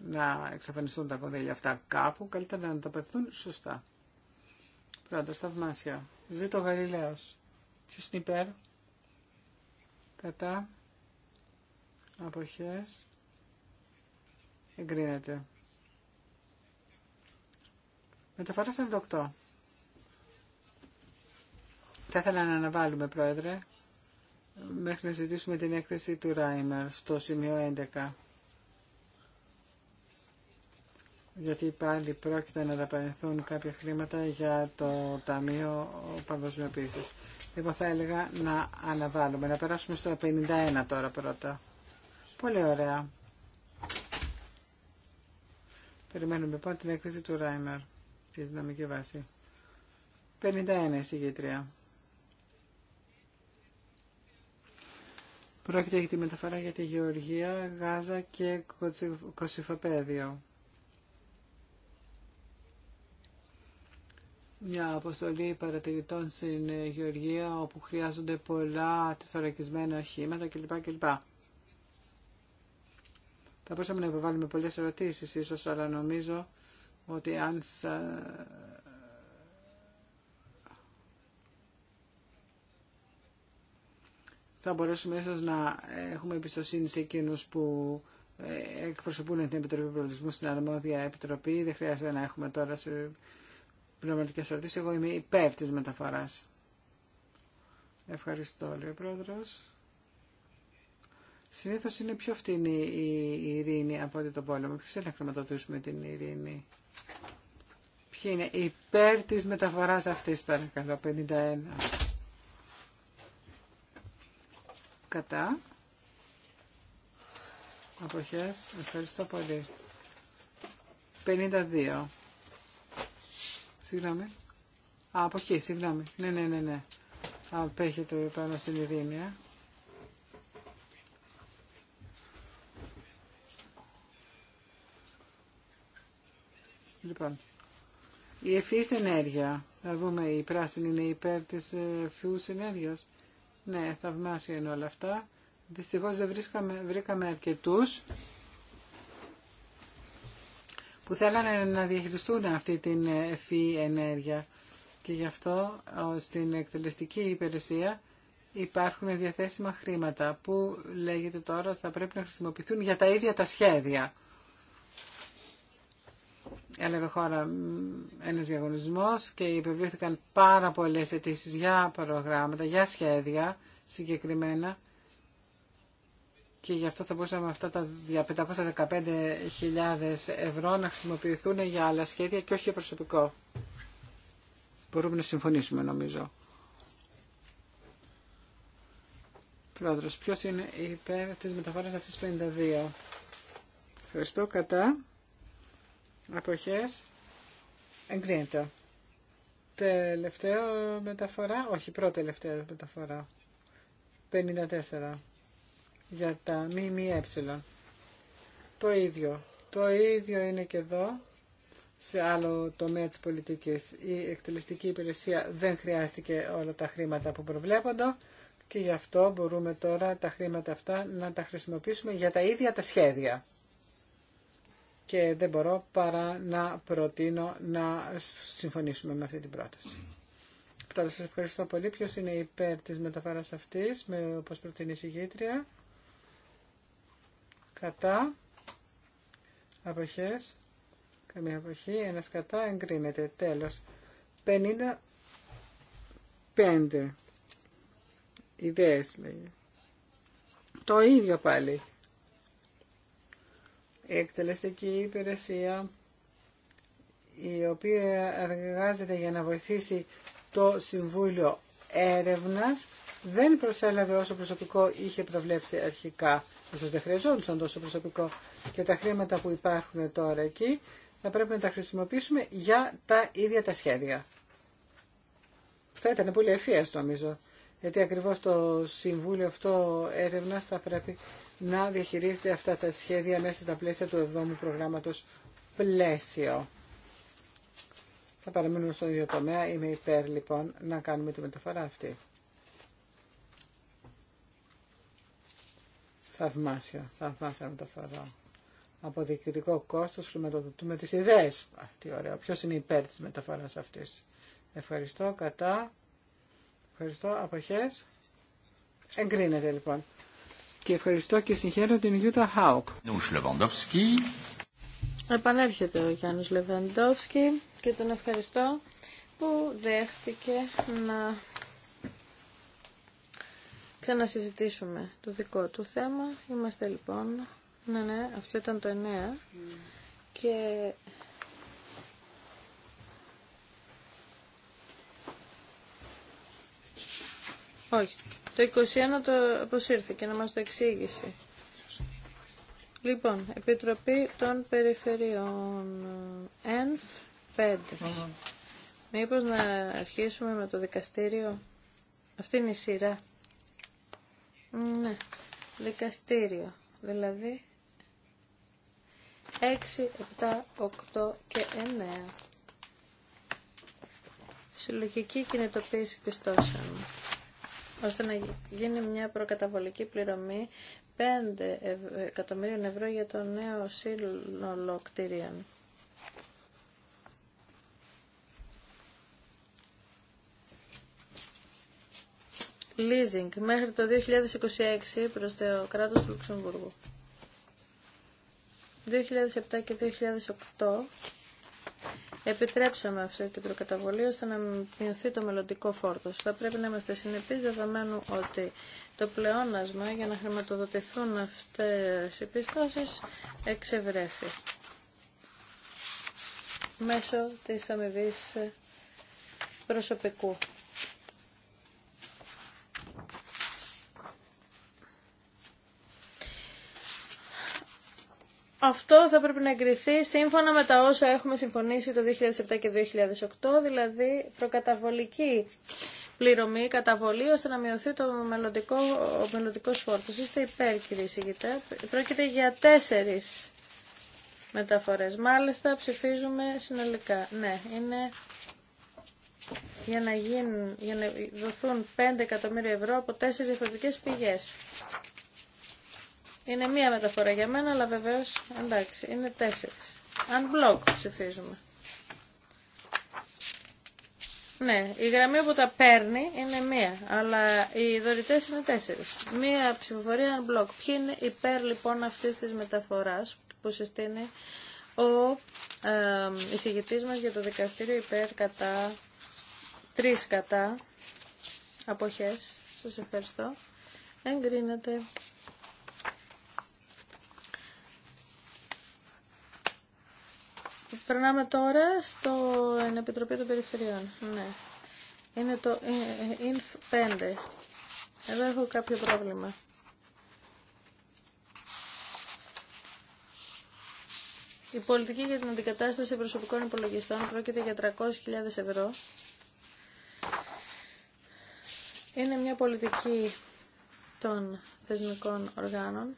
C: να, εξαφανιστούν τα κονδύλια αυτά κάπου, καλύτερα να τα πεθούν σωστά. Πρώτα, σταυμάσια. Ζήτω ο Γαλιλαίος. Ποιος είναι υπέρ. Κατά. Αποχές. Εγκρίνεται. Μεταφορά 48 θα ήθελα να αναβάλουμε, Πρόεδρε, μέχρι να συζητήσουμε την έκθεση του Ράιμερ στο σημείο 11. Γιατί πάλι πρόκειται να δαπανηθούν κάποια χρήματα για το Ταμείο Παγκοσμιοποίηση. Λοιπόν, θα έλεγα να αναβάλουμε, να περάσουμε στο 51 τώρα πρώτα. Πολύ ωραία. Περιμένουμε λοιπόν την έκθεση του Ράιμερ, τη δυναμική βάση. 51 η Πρόκειται για τη μεταφορά για τη Γεωργία, Γάζα και Κωσυφοπαίδιο. Μια αποστολή παρατηρητών στην Γεωργία όπου χρειάζονται πολλά τεθωρακισμένα οχήματα κλπ. κλπ. Θα μπορούσαμε να υποβάλουμε πολλές ερωτήσεις ίσως, αλλά νομίζω ότι αν θα μπορέσουμε ίσως να έχουμε εμπιστοσύνη σε εκείνους που ε, εκπροσωπούν την Επιτροπή Πολιτισμού στην αρμόδια επιτροπή. Δεν χρειάζεται να έχουμε τώρα σε πνευματικέ ερωτήσει. Εγώ είμαι υπέρ τη μεταφορά. Ευχαριστώ, λέει ο πρόεδρο. Συνήθω είναι πιο φτηνή η ειρήνη από ότι το πόλεμο. Ποιο θέλει να χρηματοδοτήσουμε την ειρήνη. Ποιοι είναι υπέρ τη μεταφορά αυτή, παρακαλώ, 51. Κατά. Αποχές. Ευχαριστώ πολύ. 52. Συγγνώμη. Α, από εκεί, συγγνώμη. Ναι, ναι, ναι, ναι. Απέχεται πάνω στην ειρήνη, ε. Λοιπόν, η ευφύης ενέργεια. Να δούμε, η πράσινη είναι υπέρ της ευφυούς ενέργειας. Ναι, θαυμάσια είναι όλα αυτά. Δυστυχώς δεν βρήκαμε αρκετούς που θέλανε να διαχειριστούν αυτή την ευφύ ενέργεια. Και γι' αυτό στην εκτελεστική υπηρεσία υπάρχουν διαθέσιμα χρήματα που λέγεται τώρα ότι θα πρέπει να χρησιμοποιηθούν για τα ίδια τα σχέδια έλαβε χώρα ένα διαγωνισμό και υπευλήθηκαν πάρα πολλέ αιτήσει για προγράμματα, για σχέδια συγκεκριμένα και γι' αυτό θα μπορούσαμε αυτά τα 515.000 ευρώ να χρησιμοποιηθούν για άλλα σχέδια και όχι για προσωπικό. Μπορούμε να συμφωνήσουμε νομίζω. Πρόεδρος, ποιος είναι υπέρ της μεταφοράς αυτής 52. Ευχαριστώ. Κατά. Αποχές. Εγκρίνεται. Τελευταίο μεταφορά. Όχι, πρώτη τελευταία μεταφορά. 54. Για τα ΜΜΕ. Το ίδιο. Το ίδιο είναι και εδώ σε άλλο τομέα της πολιτικής. Η εκτελεστική υπηρεσία δεν χρειάστηκε όλα τα χρήματα που προβλέπονται και γι' αυτό μπορούμε τώρα τα χρήματα αυτά να τα χρησιμοποιήσουμε για τα ίδια τα σχέδια και δεν μπορώ παρά να προτείνω να συμφωνήσουμε με αυτή την πρόταση. Πρώτα σας ευχαριστώ πολύ. Ποιος είναι υπέρ της μεταφοράς αυτής, με, όπως προτείνει η συγκήτρια. Κατά. Αποχές. Καμία αποχή. Ένας κατά εγκρίνεται. Τέλος. 55. Ιδέες λέγει. Το ίδιο πάλι η εκτελεστική υπηρεσία η οποία εργάζεται για να βοηθήσει το Συμβούλιο Έρευνας δεν προσέλαβε όσο προσωπικό είχε προβλέψει αρχικά. Ίσως δεν χρειαζόντουσαν τόσο προσωπικό και τα χρήματα που υπάρχουν τώρα εκεί θα πρέπει να τα χρησιμοποιήσουμε για τα ίδια τα σχέδια. Θα ήταν πολύ ευφύες νομίζω, γιατί ακριβώς το Συμβούλιο αυτό έρευνας θα πρέπει να διαχειρίζεται αυτά τα σχέδια μέσα στα πλαίσια του εβδόμου προγράμματος πλαίσιο. Θα παραμείνουμε στον ίδιο τομέα. Είμαι υπέρ λοιπόν να κάνουμε τη μεταφορά αυτή. Θαυμάσια, θαυμάσια μεταφορά. Από διοικητικό κόστος χρηματοδοτούμε τις ιδέες. τι ωραίο. Ποιος είναι υπέρ της μεταφοράς αυτής. Ευχαριστώ, κατά. Ευχαριστώ, αποχές. Εγκρίνεται λοιπόν. Και ευχαριστώ και συγχαίρω την Γιούτα Χάουκ.
D: Επανέρχεται ο Γιάννης Λεβαντόφσκι και τον ευχαριστώ που δέχτηκε να ξανασυζητήσουμε το δικό του θέμα. Είμαστε λοιπόν, ναι ναι, αυτό ήταν το 9 και όχι, το 21 το αποσύρθηκε και να μας το εξήγησε. Λοιπόν, Επιτροπή των Περιφερειών, ΕΝΦ 5. Μήπως να αρχίσουμε με το δικαστήριο. Αυτή είναι η σειρά. Ναι, δικαστήριο. Δηλαδή 6, 7, 8 και 9. Συλλογική κινητοποίηση πιστώσεων ώστε να γίνει μια προκαταβολική πληρωμή 5 εκατομμύριων ευρώ για το νέο σύνολο κτίριων. Leasing μέχρι το 2026 προς το κράτος του Λουξεμβούργου. 2007 και 2008 επιτρέψαμε αυτή την προκαταβολή ώστε να μειωθεί το μελλοντικό φόρτο. Θα πρέπει να είμαστε συνεπείς δεδομένου ότι το πλεόνασμα για να χρηματοδοτηθούν αυτές οι πιστώσεις εξευρέθη μέσω τη αμοιβή προσωπικού. αυτό θα πρέπει να εγκριθεί σύμφωνα με τα όσα έχουμε συμφωνήσει το 2007 και 2008, δηλαδή προκαταβολική πληρωμή, καταβολή, ώστε να μειωθεί το μελλοντικό, ο μελλοντικός φόρτος. Είστε υπέρ, κύριε Σιγητά. Πρόκειται για τέσσερις μεταφορές. Μάλιστα, ψηφίζουμε συνολικά. Ναι, είναι για να, γίνουν, για να δοθούν 5 εκατομμύρια ευρώ από τέσσερις διαφορετικές πηγές. Είναι μία μεταφορά για μένα, αλλά βεβαίω. εντάξει, είναι τέσσερι. Αν μπλοκ ψηφίζουμε. Ναι, η γραμμή που τα παίρνει είναι μία, αλλά οι δωρητέ είναι τέσσερι. Μία ψηφοφορία unblock. Ποιοι είναι υπέρ λοιπόν αυτή τη μεταφορά που συστήνει ο ε, εισηγητής μας για το δικαστήριο υπέρ κατά τρεις κατά αποχές. Σας ευχαριστώ. Εγκρίνεται. Περνάμε τώρα στο Επιτροπή των Περιφερειών. Ναι. Είναι το INF ε, 5. Ε, Εδώ έχω κάποιο πρόβλημα. Η πολιτική για την αντικατάσταση προσωπικών υπολογιστών πρόκειται για 300.000 ευρώ. Είναι μια πολιτική των θεσμικών οργάνων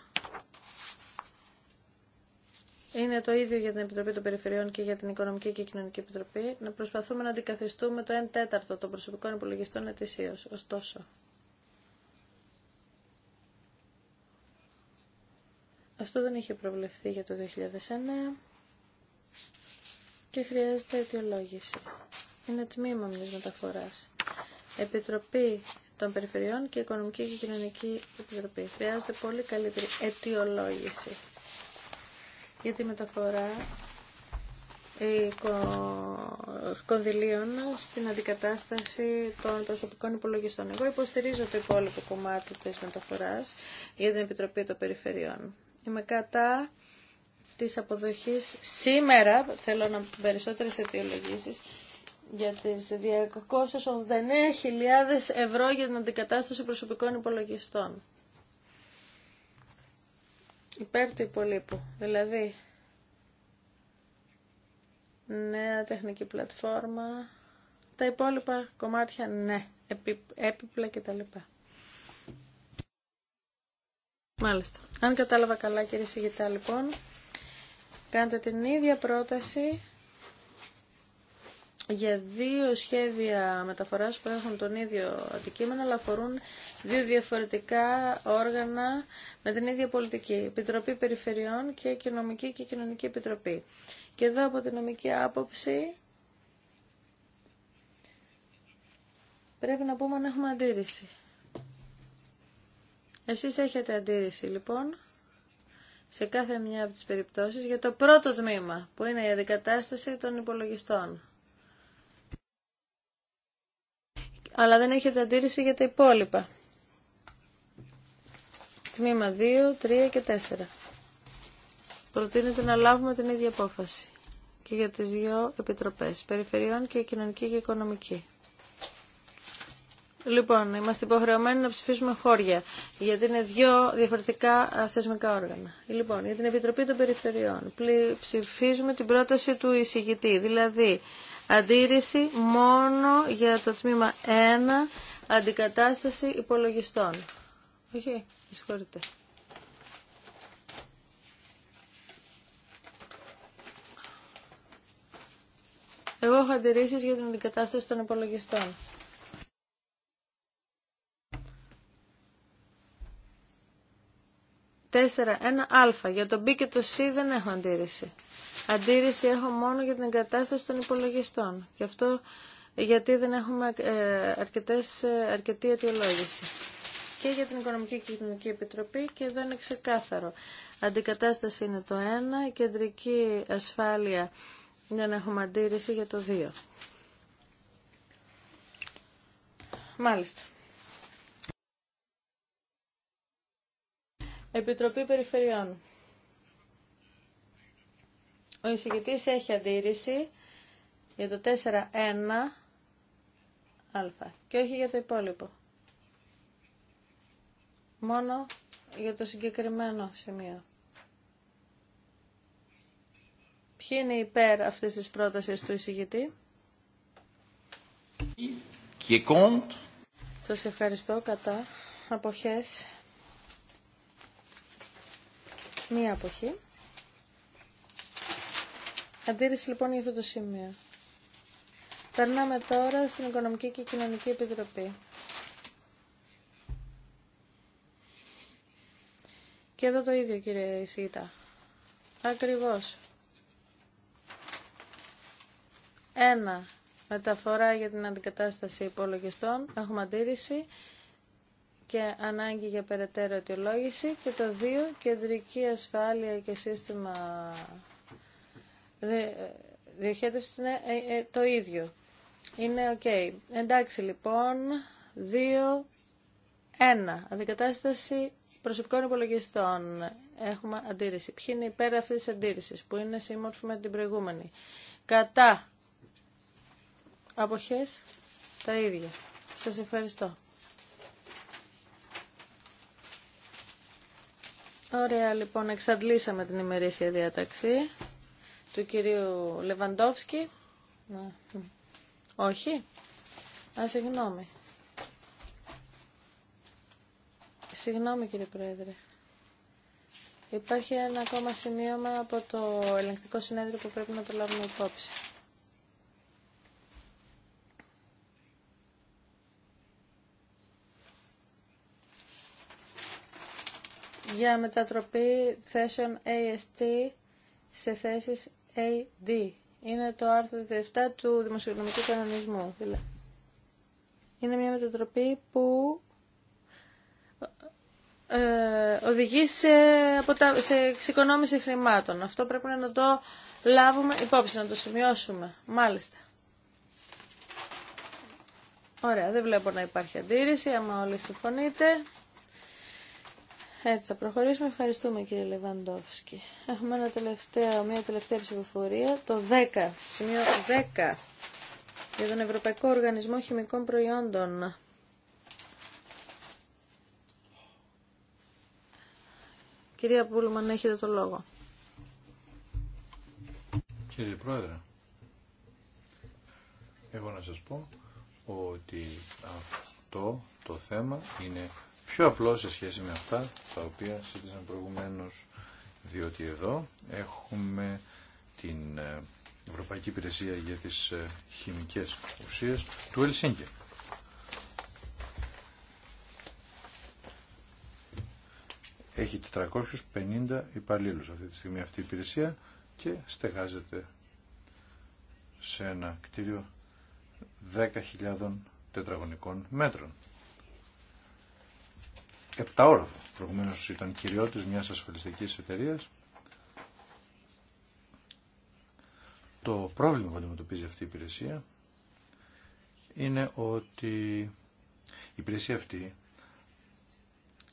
D: είναι το ίδιο για την Επιτροπή των Περιφερειών και για την Οικονομική και Κοινωνική Επιτροπή, να προσπαθούμε να αντικαθιστούμε το 1 τέταρτο των προσωπικών υπολογιστών ετησίω. Ωστόσο, αυτό δεν είχε προβλεφθεί για το 2009 και χρειάζεται αιτιολόγηση. Είναι τμήμα μια μεταφορά. Επιτροπή των Περιφερειών και Οικονομική και Κοινωνική Επιτροπή. Χρειάζεται πολύ καλύτερη αιτιολόγηση για τη μεταφορά ε, κονδυλίων στην αντικατάσταση των προσωπικών υπολογιστών. Εγώ υποστηρίζω το υπόλοιπο κομμάτι της μεταφοράς για την Επιτροπή των Περιφερειών. Είμαι κατά της αποδοχής σήμερα, θέλω να περισσότερες αιτιολογήσεις, για τις 289.000 ευρώ για την αντικατάσταση προσωπικών υπολογιστών υπέρ του υπολείπου. Δηλαδή, νέα τεχνική πλατφόρμα, τα υπόλοιπα κομμάτια ναι, επί, έπιπλα λοιπά. Μάλιστα. Αν κατάλαβα καλά κύριε Σιγητά λοιπόν, κάντε την ίδια πρόταση για δύο σχέδια μεταφοράς που έχουν τον ίδιο αντικείμενο αλλά αφορούν δύο διαφορετικά όργανα με την ίδια πολιτική, Επιτροπή Περιφερειών και Κοινωνική και Κοινωνική Επιτροπή. Και εδώ από την νομική άποψη πρέπει να πούμε να έχουμε αντίρρηση. Εσείς έχετε αντίρρηση λοιπόν σε κάθε μια από τις περιπτώσεις για το πρώτο τμήμα που είναι η αντικατάσταση των υπολογιστών. αλλά δεν έχετε αντίρρηση για τα υπόλοιπα. Τμήμα 2, 3 και 4. Προτείνεται να λάβουμε την ίδια απόφαση και για τις δύο επιτροπές, περιφερειών και κοινωνική και οικονομική. Λοιπόν, είμαστε υποχρεωμένοι να ψηφίσουμε χώρια, γιατί είναι δύο διαφορετικά ε, θεσμικά όργανα. Λοιπόν, για την Επιτροπή των Περιφερειών ψηφίζουμε την πρόταση του εισηγητή, δηλαδή Αντίρρηση μόνο για το τμήμα 1, αντικατάσταση υπολογιστών. Όχι, Εγώ έχω αντιρρήσεις για την αντικατάσταση των υπολογιστών. Τέσσερα, ένα, α. Για το B και το C δεν έχω αντίρρηση. Αντίρρηση έχω μόνο για την εγκατάσταση των υπολογιστών. και αυτό γιατί δεν έχουμε ε, αρκετές, ε, αρκετή αιτιολόγηση. Και για την Οικονομική και Κοινωνική Επιτροπή και εδώ είναι ξεκάθαρο. Αντικατάσταση είναι το 1, κεντρική ασφάλεια να έχουμε αντίρρηση για το 2. Μάλιστα. Επιτροπή Περιφερειών. Ο εισηγητής έχει αντίρρηση για το 1 α και όχι για το υπόλοιπο. Μόνο για το συγκεκριμένο σημείο. Ποιοι είναι υπέρ αυτή τη πρόταση του εισηγητή. σα Σας ευχαριστώ κατά αποχές. Μία αποχή. Αντίρρηση λοιπόν για αυτό το σημείο. Περνάμε τώρα στην Οικονομική και Κοινωνική Επιτροπή. Και εδώ το ίδιο κύριε Ισίτα. Ακριβώς. Ένα. Μεταφορά για την αντικατάσταση υπολογιστών. Έχουμε αντίρρηση και ανάγκη για περαιτέρω αιτιολόγηση. Και το δύο. Κεντρική ασφάλεια και σύστημα ε, διοχέτευση είναι ε, ε, το ίδιο. Είναι οκ. Εντάξει λοιπόν, 2, 1. Αντικατάσταση προσωπικών υπολογιστών. Έχουμε αντίρρηση. Ποιοι είναι υπέρ αυτή τη αντίρρηση που είναι σύμμορφη με την προηγούμενη. Κατά. Αποχές. Τα ίδια. Σας ευχαριστώ. Ωραία, λοιπόν, εξαντλήσαμε την ημερήσια διάταξη του κυρίου Λεβαντόφσκι. Ναι. Όχι. Α, συγγνώμη. Συγγνώμη κύριε Πρόεδρε. Υπάρχει ένα ακόμα σημείωμα από το ελεγκτικό συνέδριο που πρέπει να το λάβουμε υπόψη. για μετατροπή θέσεων AST σε θέσεις AD. Είναι το άρθρο 17 του Δημοσιονομικού Κανονισμού. Είναι μια μετατροπή που ε, οδηγεί σε, αποτα... σε χρημάτων. Αυτό πρέπει να το λάβουμε υπόψη, να το σημειώσουμε. Μάλιστα. Ωραία, δεν βλέπω να υπάρχει αντίρρηση, άμα όλοι συμφωνείτε. Έτσι θα προχωρήσουμε. Ευχαριστούμε κύριε Λεβαντόφσκι. Έχουμε ένα τελευταίο, μια τελευταία ψηφοφορία, το 10, σημείο 10, για τον Ευρωπαϊκό Οργανισμό Χημικών Προϊόντων. Κυρία Πούλμαν, έχετε το λόγο.
A: Κύριε Πρόεδρε, έχω να σας πω ότι αυτό το θέμα είναι πιο απλό σε σχέση με αυτά τα οποία σύντησαν προηγουμένως, διότι εδώ έχουμε την ε, Ευρωπαϊκή Υπηρεσία για τις ε, Χημικές Ουσίες του Ελσίνκη. Έχει 450 υπαλλήλου αυτή τη στιγμή αυτή η υπηρεσία και στεγάζεται σε ένα κτίριο 10.000 τετραγωνικών μέτρων. Ωρα Προηγουμένω ήταν κυριότητα μια ασφαλιστική εταιρεία. Το πρόβλημα που αντιμετωπίζει αυτή η υπηρεσία είναι ότι η υπηρεσία αυτή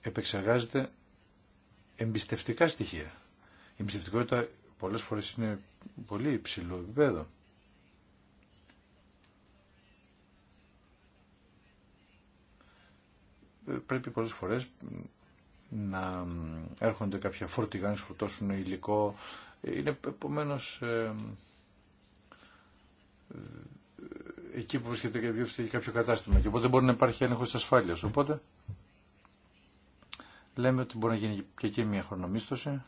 A: επεξεργάζεται εμπιστευτικά στοιχεία. Η εμπιστευτικότητα πολλές φορές είναι πολύ υψηλό επίπεδο. πρέπει πολλές φορές να έρχονται κάποια φορτηγά να φορτώσουν υλικό. Είναι επομένως ε, ε, εκεί που βρίσκεται και κάποιο κατάστημα και οπότε μπορεί να υπάρχει έλεγχο τη ασφάλεια. Οπότε λέμε ότι μπορεί να γίνει και εκεί μια χρονομίστοση.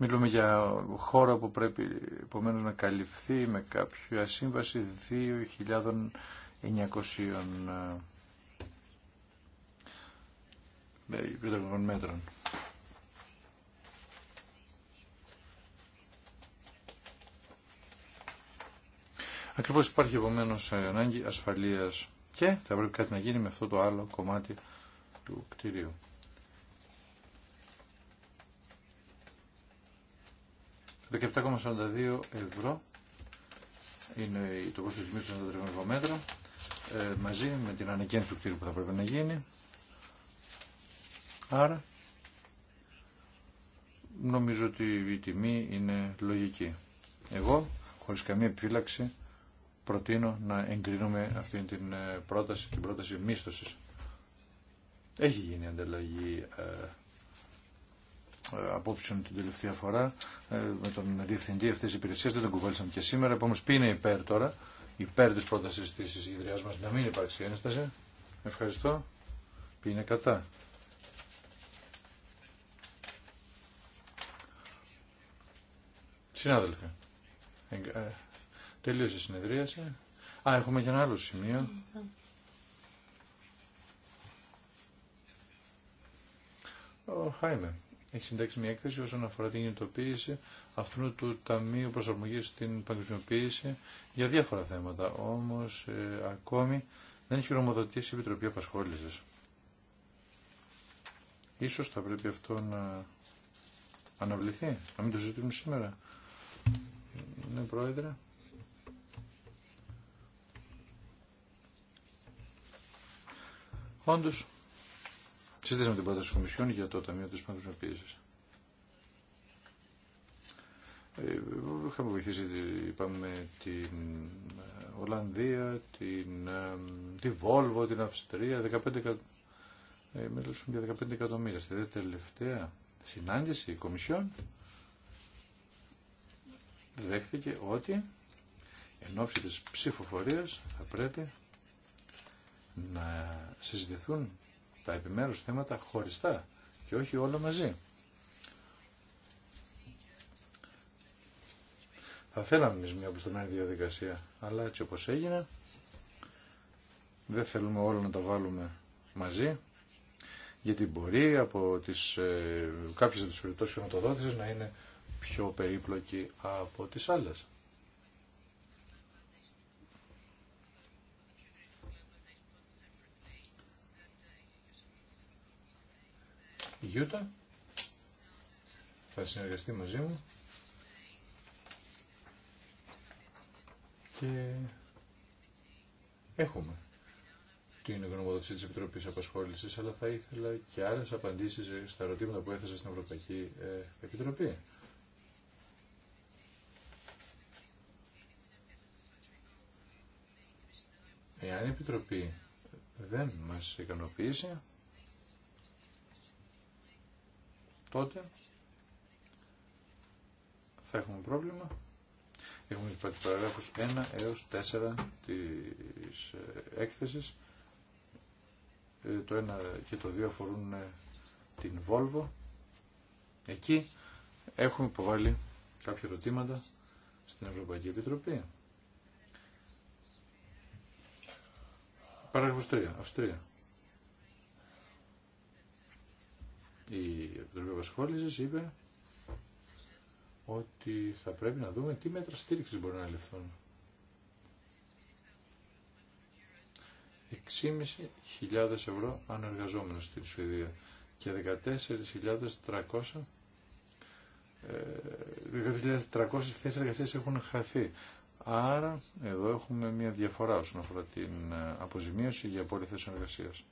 A: Μιλούμε για χώρο που πρέπει επομένως να καλυφθεί με κάποια σύμβαση 2.900 ε, μέτρων. Ακριβώς υπάρχει επομένω ανάγκη ασφαλείας και θα πρέπει κάτι να γίνει με αυτό το άλλο κομμάτι του κτιρίου. 17,42 ευρώ είναι το κόστος τιμής των τετραγωνικών μέτρων ε, μαζί με την ανακαίνιση του κτίριου που θα πρέπει να γίνει. Άρα νομίζω ότι η τιμή είναι λογική. Εγώ, χωρίς καμία επιφύλαξη, προτείνω να εγκρίνουμε αυτή την ε, πρόταση, την πρόταση μίσθωσης. Έχει γίνει ανταλλαγή ε, ε, απόψεων την τελευταία φορά ε, με τον διευθυντή αυτή τη υπηρεσία. Δεν τον κουβάλισαμε και σήμερα. Επομένω, ποιοι είναι υπέρ τώρα, υπέρ τη πρόταση τη ιδρυά μα να μην υπάρξει ένσταση. Ευχαριστώ. Ποιοι είναι κατά. Συνάδελφε. τελείωσε η συνεδρίαση. Α, έχουμε και ένα άλλο σημείο. Ο Χάιμερ έχει συντάξει μια έκθεση όσον αφορά την κινητοποίηση αυτού του Ταμείου Προσαρμογής στην Παγκοσμιοποίηση για διάφορα θέματα. Όμως ε, ακόμη δεν έχει χειρομοδοτήσει η Επιτροπή Απασχόλησης. Ίσως θα πρέπει αυτό να αναβληθεί, να μην το ζητούμε σήμερα. Ναι, Πρόεδρε. Όντως, Συζητήσαμε την πρόταση Κομισιόν για το Ταμείο της Παγκοσμιοποίησης. Ε, είχαμε βοηθήσει, είπαμε, την ε, Ολλανδία, την, ε, τη Βόλβο, την Αυστρία, 15, για 15 εκατομμύρια. Στη τελευταία συνάντηση η Κομισιόν δέχθηκε ότι εν ώψη της ψηφοφορίας θα πρέπει να συζητηθούν τα επιμέρους θέματα χωριστά και όχι όλα μαζί. Θα θέλαμε εμείς μια αποστομένη διαδικασία, αλλά έτσι όπως έγινε, δεν θέλουμε όλα να τα βάλουμε μαζί, γιατί μπορεί από τις, ε, κάποιες από τις περιπτώσεις χρηματοδότησης να είναι πιο περίπλοκη από τις άλλες. Η Γιούτα θα συνεργαστεί μαζί μου και έχουμε την γνωμοδοσία της Επιτροπής Απασχόλησης, αλλά θα ήθελα και άλλες απαντήσεις στα ερωτήματα που έθεσα στην Ευρωπαϊκή ε, Επιτροπή. Εάν η Επιτροπή δεν μας ικανοποιήσει τότε θα έχουμε πρόβλημα. Έχουμε τις παραγράφους 1 έως 4 της ε, έκθεσης. Ε, το 1 και το 2 αφορούν ε, την Volvo. Εκεί έχουμε υποβάλει κάποια ερωτήματα στην Ευρωπαϊκή Επιτροπή. Παράγραφος 3, Αυστρία. η Επιτροπή Απασχόλησης είπε ότι θα πρέπει να δούμε τι μέτρα στήριξης μπορεί να ληφθούν. 6.500 ευρώ ανεργαζόμενος στην Σουηδία και 14.300 ε, θέσεις εργασίας έχουν χαθεί. Άρα εδώ έχουμε μια διαφορά όσον αφορά την ε, αποζημίωση για πόλη θέσεων εργασίας.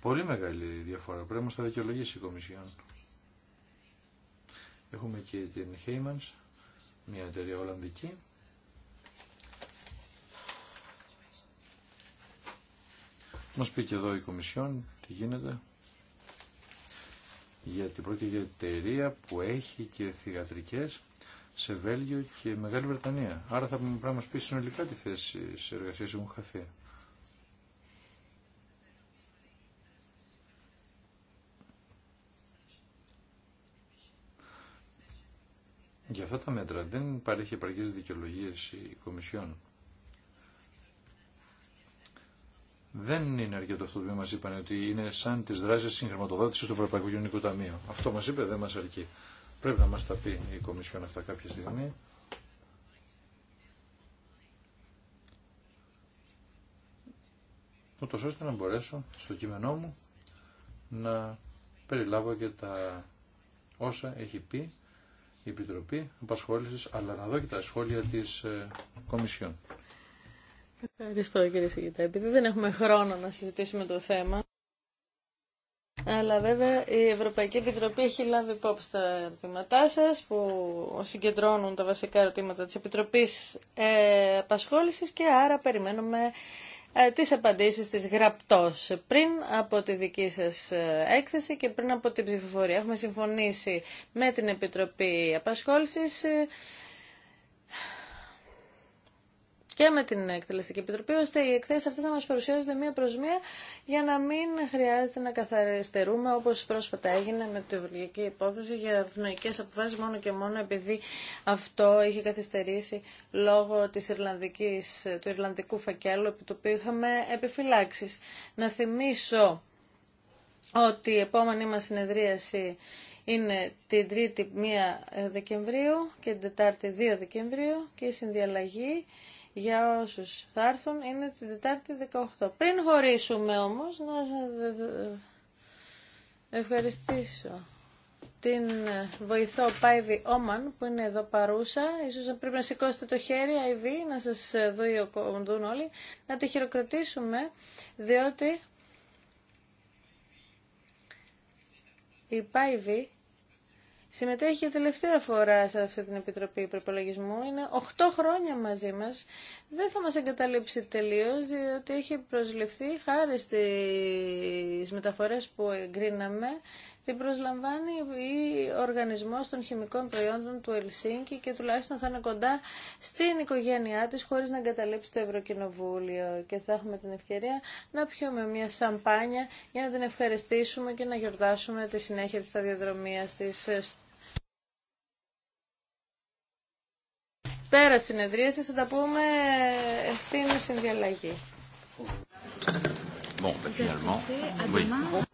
A: Πολύ μεγάλη διαφορά. Πρέπει να μας τα δικαιολογήσει η Κομισιόν. Έχουμε και την Heymans, μια εταιρεία Ολλανδική. Μας πει και εδώ η Κομισιόν τι γίνεται. Γιατί την πρώτη εταιρεία που έχει και θηγατρικές σε Βέλγιο και Μεγάλη Βρετανία. Άρα θα πρέπει να μας πει συνολικά τη θέση σε εργασίες έχουν χαθεί. Για αυτά τα μέτρα δεν παρέχει επαρκές δικαιολογίες η Κομισιόν. Δεν είναι αρκετό αυτό που μα είπαν ότι είναι σαν τι δράσει συγχρηματοδότηση του Ευρωπαϊκού Γενικού Ταμείου. Αυτό μα είπε δεν μα αρκεί. Πρέπει να μα τα πει η Κομισιόν αυτά κάποια στιγμή. ούτω ώστε να μπορέσω στο κείμενό μου να περιλάβω και τα όσα έχει πει η Επιτροπή Απασχόλησης, αλλά να δω και τα σχόλια της ε, Κομισιόν.
D: Ευχαριστώ κύριε Σιγητά. Επειδή δεν έχουμε χρόνο να συζητήσουμε το θέμα, αλλά βέβαια η Ευρωπαϊκή Επιτροπή έχει λάβει υπόψη τα ερωτήματά σας που συγκεντρώνουν τα βασικά ερωτήματα της Επιτροπής ε, Απασχόλησης και άρα περιμένουμε ε, τις απαντήσεις της γραπτός πριν από τη δική σας ε, έκθεση και πριν από την ψηφοφορία. Έχουμε συμφωνήσει με την Επιτροπή Απασχόλησης ε, και με την Εκτελεστική Επιτροπή, ώστε οι εκθέσει αυτέ να μα παρουσιάζονται μία προ μία για να μην χρειάζεται να καθαριστερούμε όπω πρόσφατα έγινε με την Ευρωπαϊκή υπόθεση για ευνοϊκέ αποφάσει μόνο και μόνο επειδή αυτό είχε καθυστερήσει λόγω της Ιρλανδικής, του Ιρλανδικού φακέλου επί του οποίου είχαμε επιφυλάξει. Να θυμίσω ότι η επόμενη μα συνεδρίαση είναι την 3η 1 Δεκεμβρίου και την 4η 2 Δεκεμβρίου και η συνδιαλλαγή για όσους θα έρθουν είναι την Τετάρτη 18. Πριν χωρίσουμε όμως να ευχαριστήσω την ε, βοηθό Πάιβι Όμαν που είναι εδώ παρούσα. Ίσως πρέπει να σηκώσετε το χέρι, Αϊβή, να σας ε, δουν όλοι. Να τη χειροκροτήσουμε, διότι η Πάιβι συμμετέχει για τελευταία φορά σε αυτή την Επιτροπή Προπολογισμού. Είναι 8 χρόνια μαζί μας. Δεν θα μας εγκαταλείψει τελείως, διότι έχει προσληφθεί χάρη στις μεταφορές που εγκρίναμε την προσλαμβάνει ο οργανισμός των χημικών προϊόντων του Ελσίνκη και τουλάχιστον θα είναι κοντά στην οικογένειά της χωρίς να εγκαταλείψει το Ευρωκοινοβούλιο και θα έχουμε την ευκαιρία να πιούμε μια σαμπάνια για να την ευχαριστήσουμε και να γιορτάσουμε τη συνέχεια της σταδιοδρομίας της πέρα συνεδρίαση, θα τα πούμε στην συνδιαλλαγή.
B: Bon,